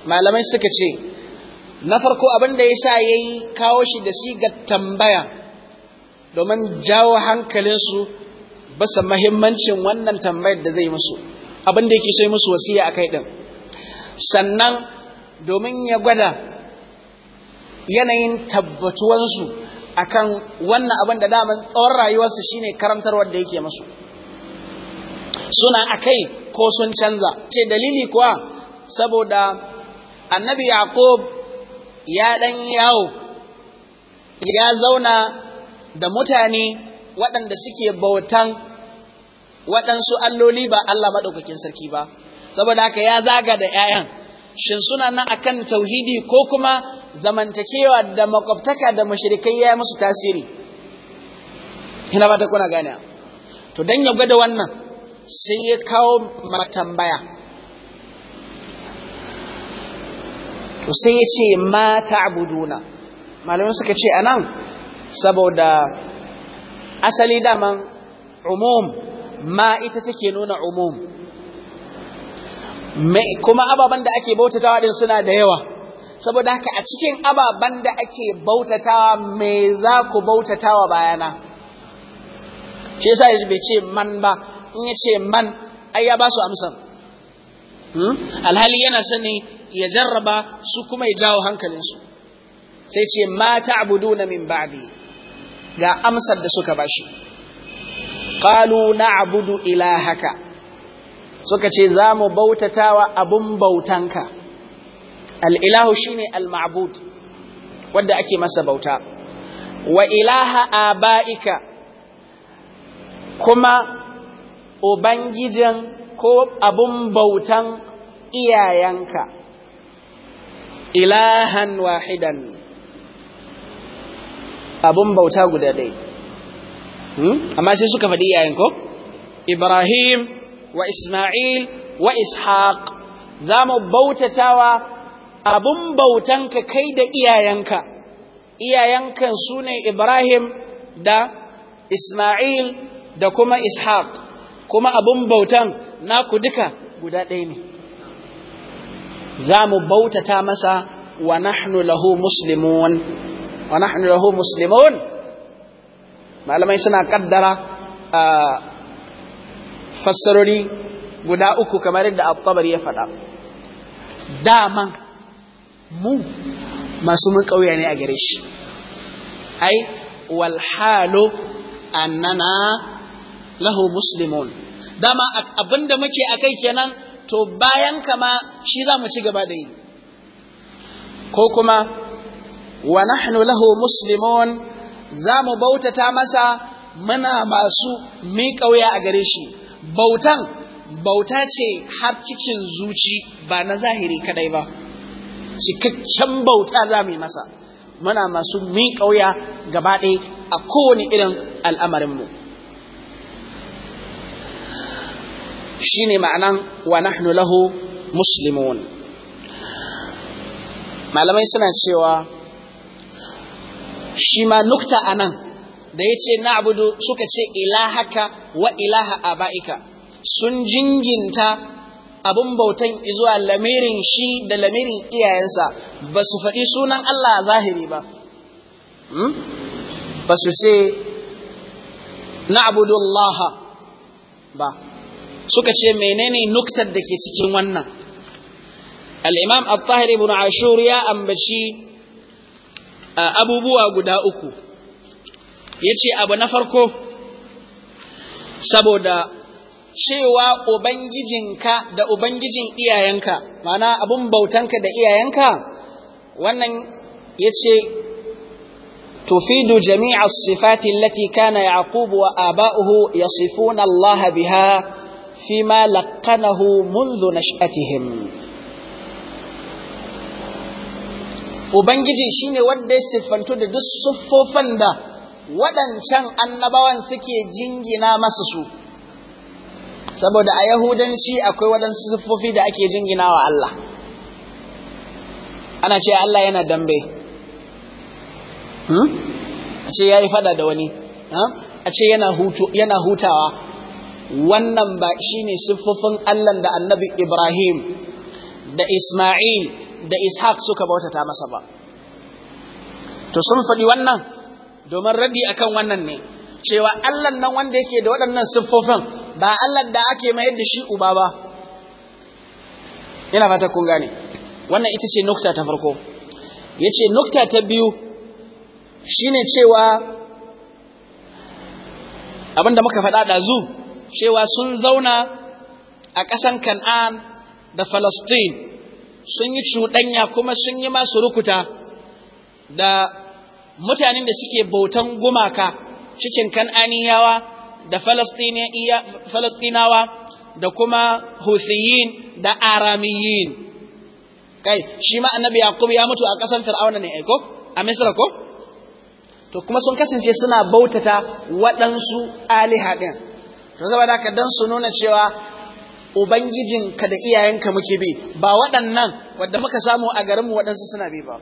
A: malamai suka ce na farko abin da ya sa ya yi kawo shi da shi ga tambaya domin jawo hankalinsu basa mahimmancin wannan tambayar da zai musu abin da yake sai musu wasiya a kai ɗin sannan domin ya gwada yanayin tabbatuwansu kan wannan abin da daman tsawon rayuwarsu shine karantarwar da yake musu suna a kai ko sun canza ce dalili kuwa saboda annabi yaqub ya ɗan yawo ya zauna da mutane waɗanda suke bautan waɗansu alloli ba Allah maɗaukakin sarki ba saboda haka ya zaga da 'ya'yan shin suna nan a kan tauhidi ko kuma zamantakewa da makwabtaka da mashirikai ya yi musu tasiri ina ba ta kuna gane to don ya gwada wannan sai ya kawo matambaya to sai ya ce ma abuduna. Malamin suka ce anan saboda asali daman umum ma ita take nuna umum kuma ababen da ake bautatawa din suna da yawa saboda haka a cikin ababen da ake bautatawa me za ku bautatawa bayana shi yasa ya bai ce man ba in ya ce man ai ya ba su amsar hmm? alhali yana sani ya jarraba su kuma ya jawo hankalinsu sai ce ma na min ba'di ga amsar da suka bashi qalu na'budu ilahaka suka ce za mu bautatawa abun bautanka al-ilahu shine al-ma'bud wanda ake masa bauta wa ilaha a ba'ika. kuma ubangijin ko abun bautan iyayenka ilahan wahidan abun bauta guda ɗaya hmm? amma sai suka faɗi yayin ko ibrahim wa isma'il wa ishaq za mu bautatawa abun bautan ka kai da iyayenka iyayenka su ne ibrahim da isma'il da kuma ishaq kuma abun bautan naku duka guda ɗaya ne za mu bautata masa wa nahnu lahu muslimun wa nahnu lahu muslimun malamai suna kaddara fassarori guda uku kamar yadda abubakar ya faɗa dama mu masu mun ƙauya ne a gare shi ai walhalo annana lahu muslimun dama abinda muke a kenan to bayan kama shi za mu ci gaba da yi ko kuma wa nahnu lahu muslimun za mu bautata masa muna masu miƙa kauya a gare shi bautan bauta ce har cikin zuci ba na zahiri kadai ba cikakken bauta za mu yi masa muna masu miƙa kauya gaba ɗaya a kowane irin al'amarinmu shi ne ma'anan wa nahnu lahu muslimun malamai suna cewa shi ma nukta a nan da ya ce na'budu suka ce ilahaka wa ilaha ba'ika sun jinginta abin bautan zuwa lamirin shi da lamirin iyayensa ba su faɗi sunan Allah a zahiri ba hmm? ba su ce na'budu Allah ba suka ce menene nuktar da ke cikin wannan al-imam at-tahir ibn ashur ya ambaci abubuwa guda uku ya ce abu na farko saboda cewa ubangijinka da ubangijin iyayenka mana abun bautanka da iyayenka wannan ya ce tufidu jami'a sifati lati kana yaqubu wa aba'uhu yasifuna Allah biha fima laqanahu منذ nash'atihim. Ubangiji shi ne wanda ya siffantu da duk siffofin da waɗancan annabawan suke jingina masu su, saboda a Yahudanci akwai waɗansu siffofi da ake jingina wa Allah. Ana ce Allah yana dambe, hmm? a ce ya yi fada da wani, hmm? a ce yana hutawa, wannan ba shi ne siffofin Allah da annabi Ibrahim da Ismail. da ishaq suka bautata masa ba to sun faɗi wannan domin raɗi akan wannan ne cewa allan nan wanda yake da waɗannan siffofin ba allan da ake mayar da shi uba ba ina fata kun gane wannan ita ce nukta ta farko ya ce nukta ta biyu shine cewa abinda muka faɗa ɗazu cewa sun zauna a ƙasan kan'an da falastin sun yi cuɗanya kuma sun yi masu rukuta da mutanen da suke bautan gumaka cikin kan'aniyawa da falastinawa da kuma husiyin da aramiyin kai shi ma annabi yaqub ya mutu a ƙasar fir'auna ne aiko a misra ko to kuma sun kasance suna bautata waɗansu aliha ɗin to da ka don su nuna cewa Ubangijinka da iyayenka muke bi, ba waɗannan wadda muka samu a garinmu waɗansu suna bi ba.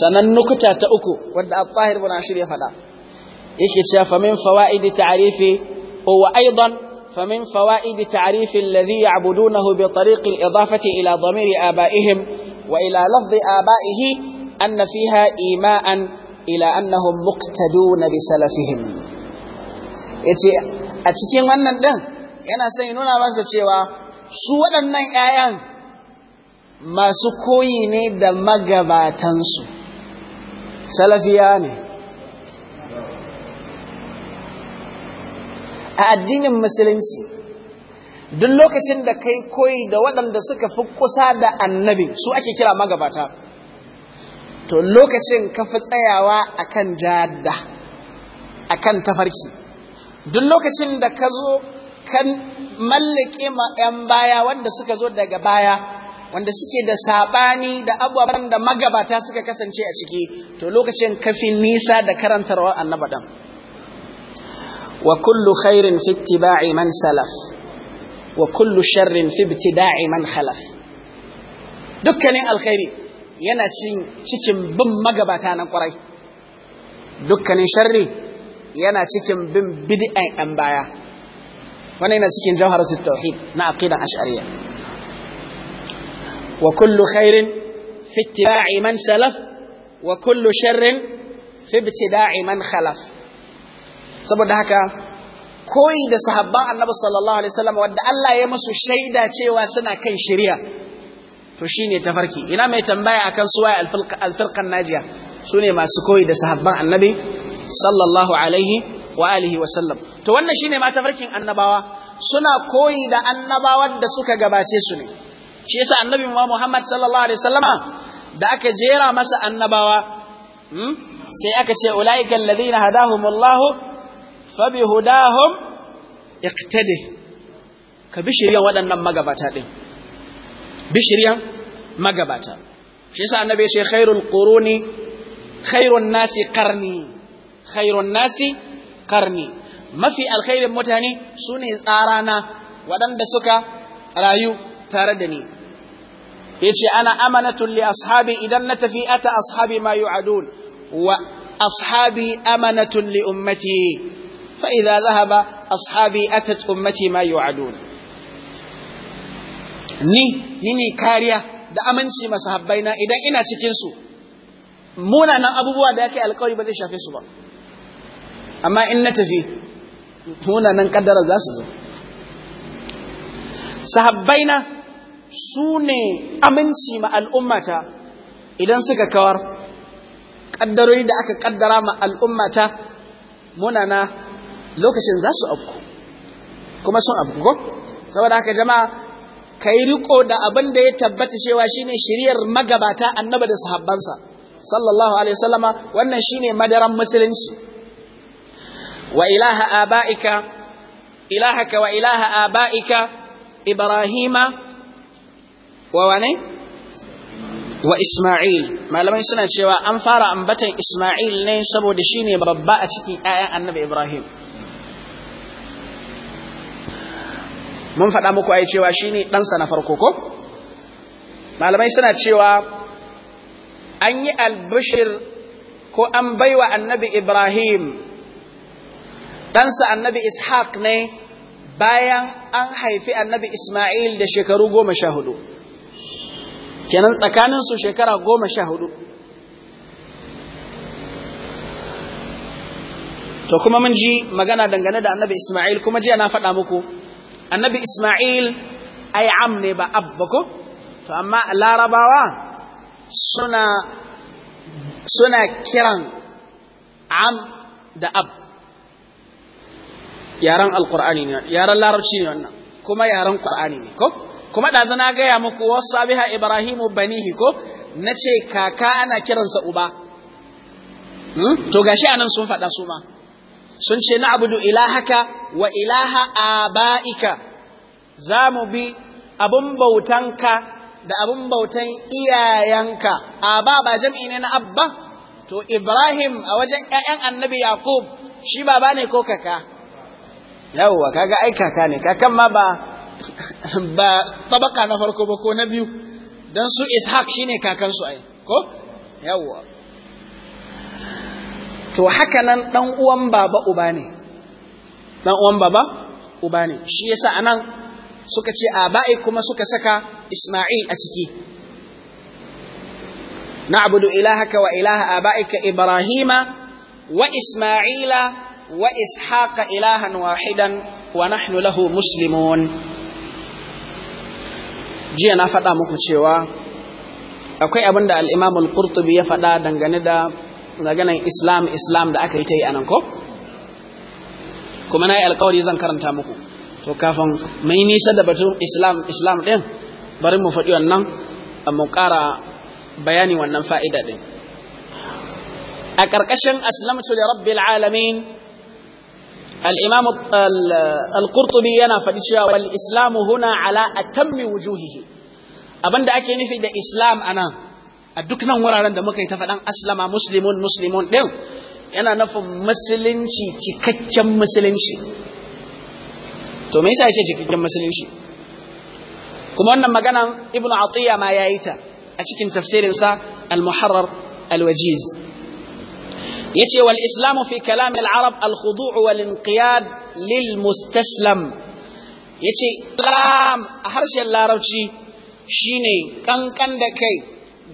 A: Sannan nukuta ta uku wadda Abfahir bin Ashir ya faɗa, yake cewa famin fawa'idi o wa aidan famin fawa'idi ta'arifi alladhi ya'budunahu bi tariqi al-idafati ila dhamiri aba'ihim wa ila lafzi aba'ihi anna fiha ima'an ila annahum muqtaduna bi salafihim. Yace a cikin wannan ɗin yana son ya nuna masa cewa su waɗannan ‘ya'yan masu koyi ne da magabatansu salafiya ne a addinin musulunci duk lokacin da kai koyi da waɗanda suka fi kusa da annabi su ake kira magabata to lokacin ka fi tsayawa akan jada akan tafarki duk lokacin da ka zo kan mallake ma ‘yan baya wanda suka zo daga baya, wanda suke da saɓani da abubuwan da magabata suka kasance a ciki, to lokacin kafin nisa da karantarwar annaba Wa kullu khairin fi ittiba'i man salaf, wa kullu sharrin fi ibtida'i man khalaf. Dukkanin alkhairi yana cikin bin magabata na ƙwarai, Dukkanin sharri yana cikin bin bid'an ‘yan baya. wannan yana cikin jawharatul tauhid na aqidan ash'ariyya wa kullu khairin fi ittiba'i man salaf wa kullu sharrin fi ibtida'i man khalaf saboda haka koyi da sahabban annabi sallallahu alaihi wasallam wanda Allah ya musu shaida cewa suna kan shari'a to shine tafarki ina mai tambaya akan suwaye alfirqan najiya sune masu koyi da sahabban annabi sallallahu alaihi wa alihi wa sallam to wannan shine ma tafarkin annabawa suna koyi da annabawan da suka gabace su ne shi yasa annabi Muhammad sallallahu alaihi wasallama da aka jera masa annabawa hmm, sai aka ce ulaika alladhina hadahumullahu fabihudahum iqtadi ka bi shiryan waɗannan magabata din bi shiryan magabata shi yasa annabi ya ce khairul quruni khairun nasi qarni khairun nasi qarni mafi alkhairin mutane su ne tsarana waɗanda suka rayu tare da ni ya ce ana amanatun li ashabi idan na tafi ata ashabi ma yu'adun wa ashabi amanatun li ummati fa idza zahaba ashabi atat ummati ma yu'adun ni ni ne kariya da aminci masu masahabbaina idan ina cikin su nan abubuwa da yake alƙawari ba zai shafe su ba amma in na tafi munanan kaddara za su zo na su ne aminci ma al'ummata idan suka kawar kaddarori da aka kaddara ma al'ummata munana lokacin za su abu kuma sun abu ko saboda haka jama'a ka yi riko da abin da ya tabbata cewa shine shiryar magabata annaba da sahabbansa sallallahu alaihi wasallama wannan shine madaran musulunci wa ilaha aba'ika ilahaka wa ilaha aba'ika ibrahima wa isma'il malamai suna cewa an fara ambatan isma'il ne saboda shine babba a cikin annabi ibrahim mun faɗa muku ai cewa shine ɗansa na farko ko malamai suna cewa an yi albishir ko an baiwa annabi ibrahim ɗansa annabi ishaq ne bayan an haifi annabi isma'il da shekaru goma sha hudu kenan tsakaninsu shekara goma sha hudu to kuma mun ji magana dangane da annabi isma'il kuma jiya na faɗa muku annabi isma'il ai am ne ba abba ko to amma larabawa suna suna kiran am da ab yaran alqur'ani ne yaran larabci ne wannan kuma yaran qur'ani ne ko kuma da zana gaya muku wasu abiha ibrahimu banihi ko na ce kaka ana kiransa uba hmm? to gashi anan sun faɗa su ma sun ce na abudu ilahaka wa ilaha aba'ika za mu bi abun bautanka da abun bautan iyayenka aba ba jam'i ne na abba to ibrahim a wajen ‘ya'yan annabi yaqub shi baba ne ko kaka yawwa kaga ai kaka ne kakan ma ba ba tabaka na farko ba ko na biyu dan su ishaq shine kakan su ai ko yawwa to haka nan dan uwan baba uba ne dan uwan baba uba ne shi yasa anan suka ce aba'i kuma suka saka Isma'il a ciki na'budu ilahaka wa ilaha aba'ika ibrahima wa isma'ila wa ishaqa ilahan wahidan wa nahnu lahu muslimun jiya na faɗa muku cewa akwai abin da al-Imam al-Qurtubi ya faɗa dangane da maganar Islam Islam da aka yi ta yi anan ko kuma na yi alkawari zan karanta muku to kafin mai nisa da batun Islam Islam ɗin bari mu faɗi wannan mu ƙara bayani wannan fa'ida ɗin a ƙarƙashin aslamtu li alamin الإمام القرطبي ينا فديشا والإسلام هنا على أتم وجوهه أبن دا أكي نفي دا إسلام أنا أدوكنا ورارا دا مكي تفدان أسلم مسلمون مسلمون ديو yana nufin musulunci cikakken musulunci to me yasa ya ce cikakken musulunci kuma wannan magana ibnu atiya ma yayi ta a cikin tafsirinsa al-muharrar al-wajiz yace wal islamu fi kalam al arab al khudu' wal inqiyad lil mustaslam yace islam a harshen larabci shine kankan da kai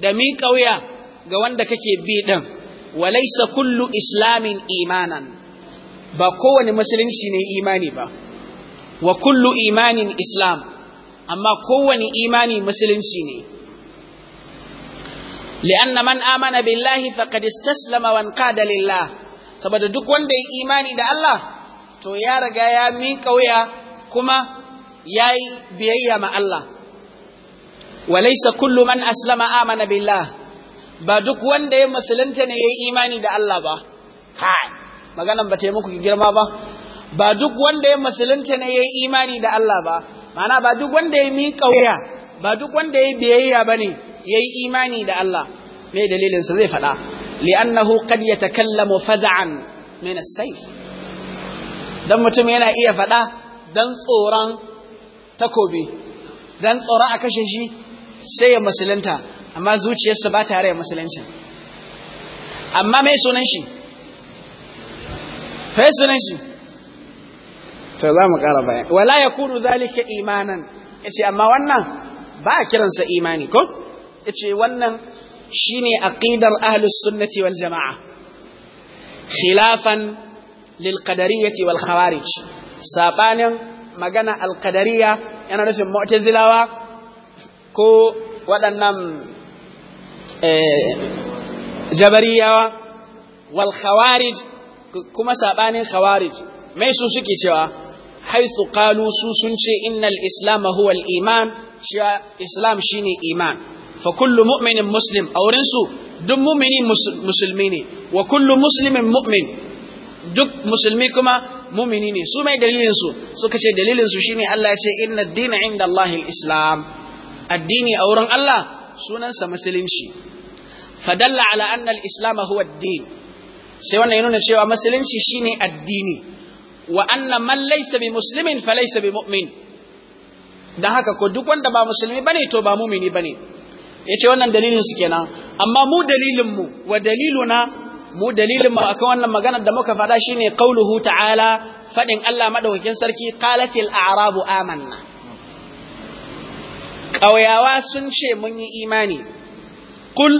A: da mi kauya ga wanda kake bi din walaysa kullu islamin imanan ba kowane musulunci ne imani ba wa kullu imanin islam amma kowane imani musulunci ne li'anna man amana billahi faqad istaslama wa anqada lillah saboda duk wanda ya imani da Allah to ya riga ya miƙa wuya kuma yayi biyayya ma Allah walaysa kullu man aslama amana billah ba duk wanda ya musulunta ne yayi imani da Allah ba kai maganan ba ta yi muku girma ba ba duk wanda ya musulunta ne yayi imani da Allah ba ma'ana ba duk wanda ya miƙa wuya ba duk wanda ya biyayya bane yayi imani da Allah me dalilinsa zai faɗa li'annahu qad yatakallamu faz'an min as-sayf dan mutum yana iya faɗa dan tsoron takobi dan tsoron a kashe shi sai ya musulunta amma zuciyarsa ba tare da musulunci amma me sunan shi fa sunan shi to za mu ƙara bayan wala yakunu zalika imanan yace amma wannan ba a kiransa imani ko ce wannan shine aqidar ahlus sunnati wal jamaa khilafan lil qadariyyati wal khawarij sabanin magana alƙadariya yana nufin mu'tazilawa ko waɗannan eh, jabariyawa wal khawarij kuma saɓanin khawarij mai su suke cewa حيث قالوا سوسنشي إن الإسلام هو iman شيء islam shine iman. fa kullu mu'minin muslim a duk mu'mini musulmi ne wa kullu muslimin mu'min duk musulmi kuma mu'mini ne su mai dalilin su suka ce dalilin su shine Allah ya ce inna ad-dina inda Allahil islam addini a wurin Allah sunansa musulunci fadalla ala anna al-islam huwa ad-din sai wannan ya nuna cewa musulunci shine addini wa anna man laysa bi muslimin fa laysa bi mu'min dan haka ko duk wanda ba musulmi bane to ba mumini bane ce wannan dalilin su kenan amma mu dalilin mu wa daliluna mu dalilin mu akan wannan magana da muka faɗa shine qauluhu ta'ala fadin Allah madaukakin sarki qalatil a'rabu amanna ƙauyawa sun ce mun yi imani kul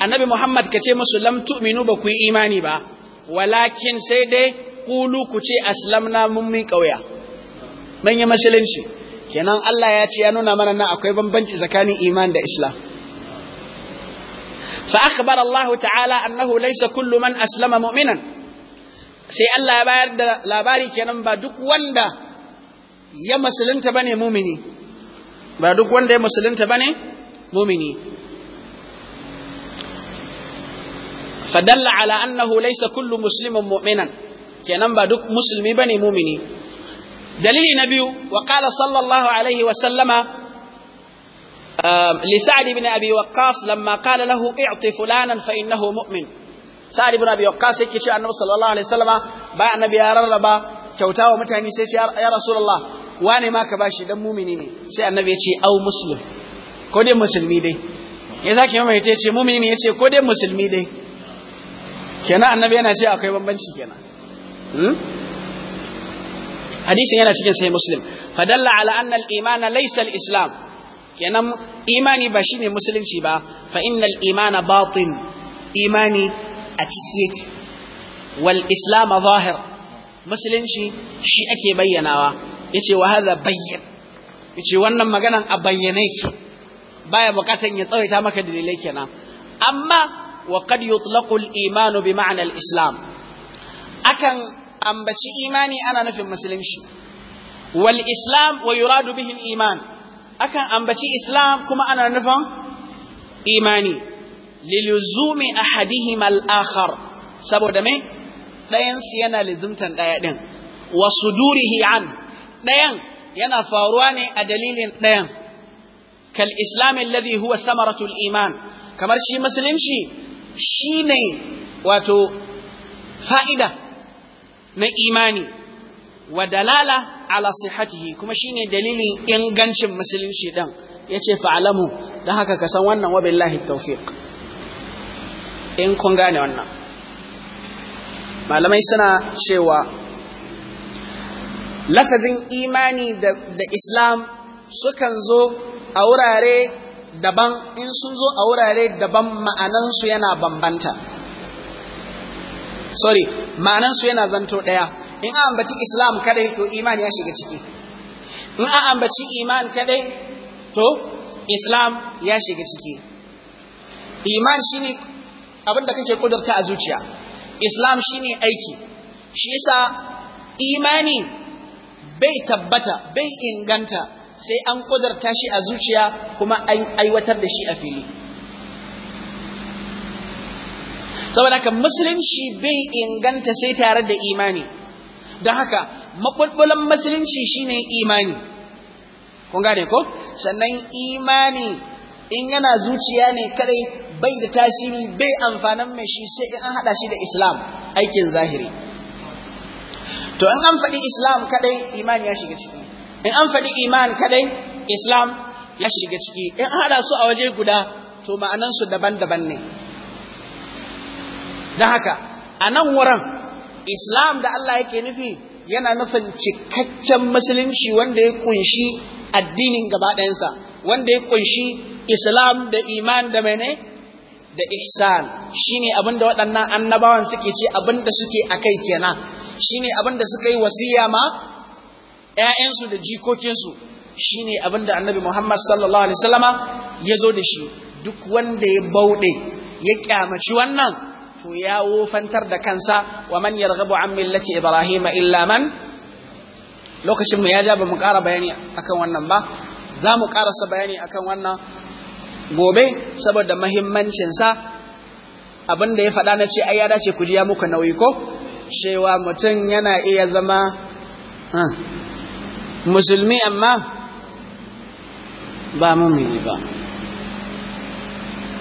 A: annabi Muhammad kace musu lam tu'minu ba ku yi imani ba walakin sai dai kulu ku ce aslamna mun mi ƙauya mun yi musulunci kenan Allah ya ce ya nuna mana nan akwai bambanci tsakanin iman da islam فأخبر الله تعالى أنه ليس كل من أسلم مؤمنا sai Allah ya bayar da labari kenan ba duk wanda ya musulunta bane mumini ba duk wanda ya musulunta bane mumini fadalla ala annahu laysa kullu muslimin mu'minan kenan ba duk musulmi bane mumini dalili na biyu wa qala alaihi wa sallama لسعد بن أبي وقاص لما قال له اعط فلانا فإنه مؤمن سعد بن أبي وقاص yake cewa Annabi sallallahu alaihi wasallama bai Annabi ya rarraba kyauta wa mutane sai ya Rasulullah wane ma ka bashi dan mumini sai Annabi ya ce au muslim ko dai musulmi dai ya zaki mai ta ce mumini ya ce ko dai musulmi dai kenan Annabi yana ce akwai bambanci kenan hadisin yana cikin sai fadalla ala anna al-iman islam kenan imani ba shine musulunci ba fa innal imana batin imani a ciki yake wal islam zahir musulunci shi ake bayyanawa yace wa hadha bayyin yace wannan maganan a bayyane yake baya bukatan ya tsawaita maka dalilai kenan amma wa qad yutlaqu al-iman bi ma'na al-islam akan ambaci imani ana nufin musulunci wal islam wa yuradu bihi al-iman akan ambaci islam kuma ana nufin imani liluzumi ahadihim al saboda me ɗayan su yana lizumtan ɗaya ɗin wa sudurihi an ɗayan yana faruwa ne a dalilin ɗayan kal islamin alladhi huwa samaratul iman kamar shi musulunci shine wato fa'ida na imani wa dalala ala sihatihi kuma shine dalilin ingancin musulunci dan yace fa'alamu dan haka ka san wannan wa billahi tawfiq in kun gane wannan malamai suna cewa lafazin imani da, da islam sukan zo a wurare daban in sun zo a wurare daban ma'anansu yana bambanta sorry ma'anansu yana zanto ɗaya in an ambaci islam kadai to iman ya shiga ciki in an ambaci iman kadai to islam ya shiga ciki iman shine abin da kake kudurta a zuciya islam shine aiki shi yasa imani bai tabbata bai inganta sai an kudurta shi a zuciya kuma an aiwatar da shi a fili saboda haka musulunci bai inganta sai tare da imani Da haka maɓulɓulan musulunci shine imani kun gane ko sannan imani in yana zuciya ne kadai bai da tasiri bai amfanin mai shi sai in an haɗa shi da islam aikin zahiri to in an faɗi islam kadai imani ya shiga ciki in an faɗi iman kadai islam ya shiga ciki in an haɗa su a waje guda to ma'anansu daban-daban ne don haka a nan wurin islam da Allah yake nufi yana nufin cikakken musulunci wanda ya kunshi addinin gaba ɗayansa wanda ya kunshi islam da iman da mene da ihsan shine abinda waɗannan annabawan suke ce abinda suke akai kenan shine abinda suka yi wasiya ma ‘ya'yansu da jikokinsu shine abinda annabi Muhammad sallallahu alaihi wasallama ya zo da shi duk wanda ya bauɗe ya ƙyamaci wannan wato ya wofantar da kansa wa man yarghabu an millati ibrahim illa man lokacin mu ya ja ba mu ƙara bayani akan wannan ba za mu ƙarasa bayani akan wannan gobe saboda mahimmancinsa abin da ya faɗa na ce ai ya dace ku jiya ya muku nauyi ko cewa mutum yana iya zama musulmi amma ba mumini ba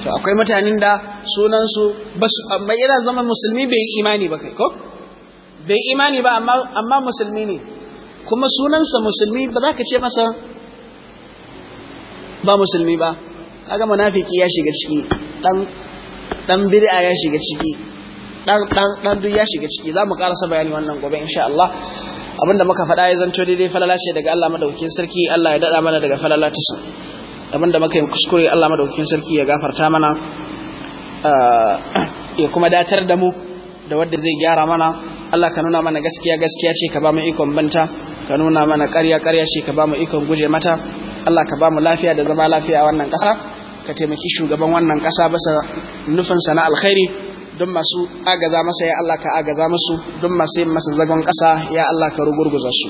A: to akwai mutanen da sunansu ba su amma yana zama musulmi bai yi imani ba kai ko bai imani ba amma musulmi ne kuma sunansa musulmi ba za ka ce masa ba musulmi ba kaga munafiki ya shiga ciki dan dan bid'a ya shiga ciki dan dan dan duk ya shiga ciki za mu karasa bayani wannan gobe insha Allah abinda muka faɗa ya zanto daidai falala ce daga Allah madaukakin sarki Allah ya dada mana daga falala ta abin da muka yi kuskure Allah madaukakin sarki ya gafarta mana ah, ya kuma datar da mu da wanda zai gyara mana Allah ka nuna mana gaskiya gaskiya ce ka ba mu ikon banta ka nuna mana ƙarya ƙarya ce ka ba mu ikon guje mata Allah ka ba mu lafiya da zama lafiya a wannan ƙasa ka taimaki shugaban wannan ƙasa basa nufin sana alkhairi don masu agaza masa ya Allah ka agaza musu don masu yin masa zagon ƙasa ya Allah ka rugurguza su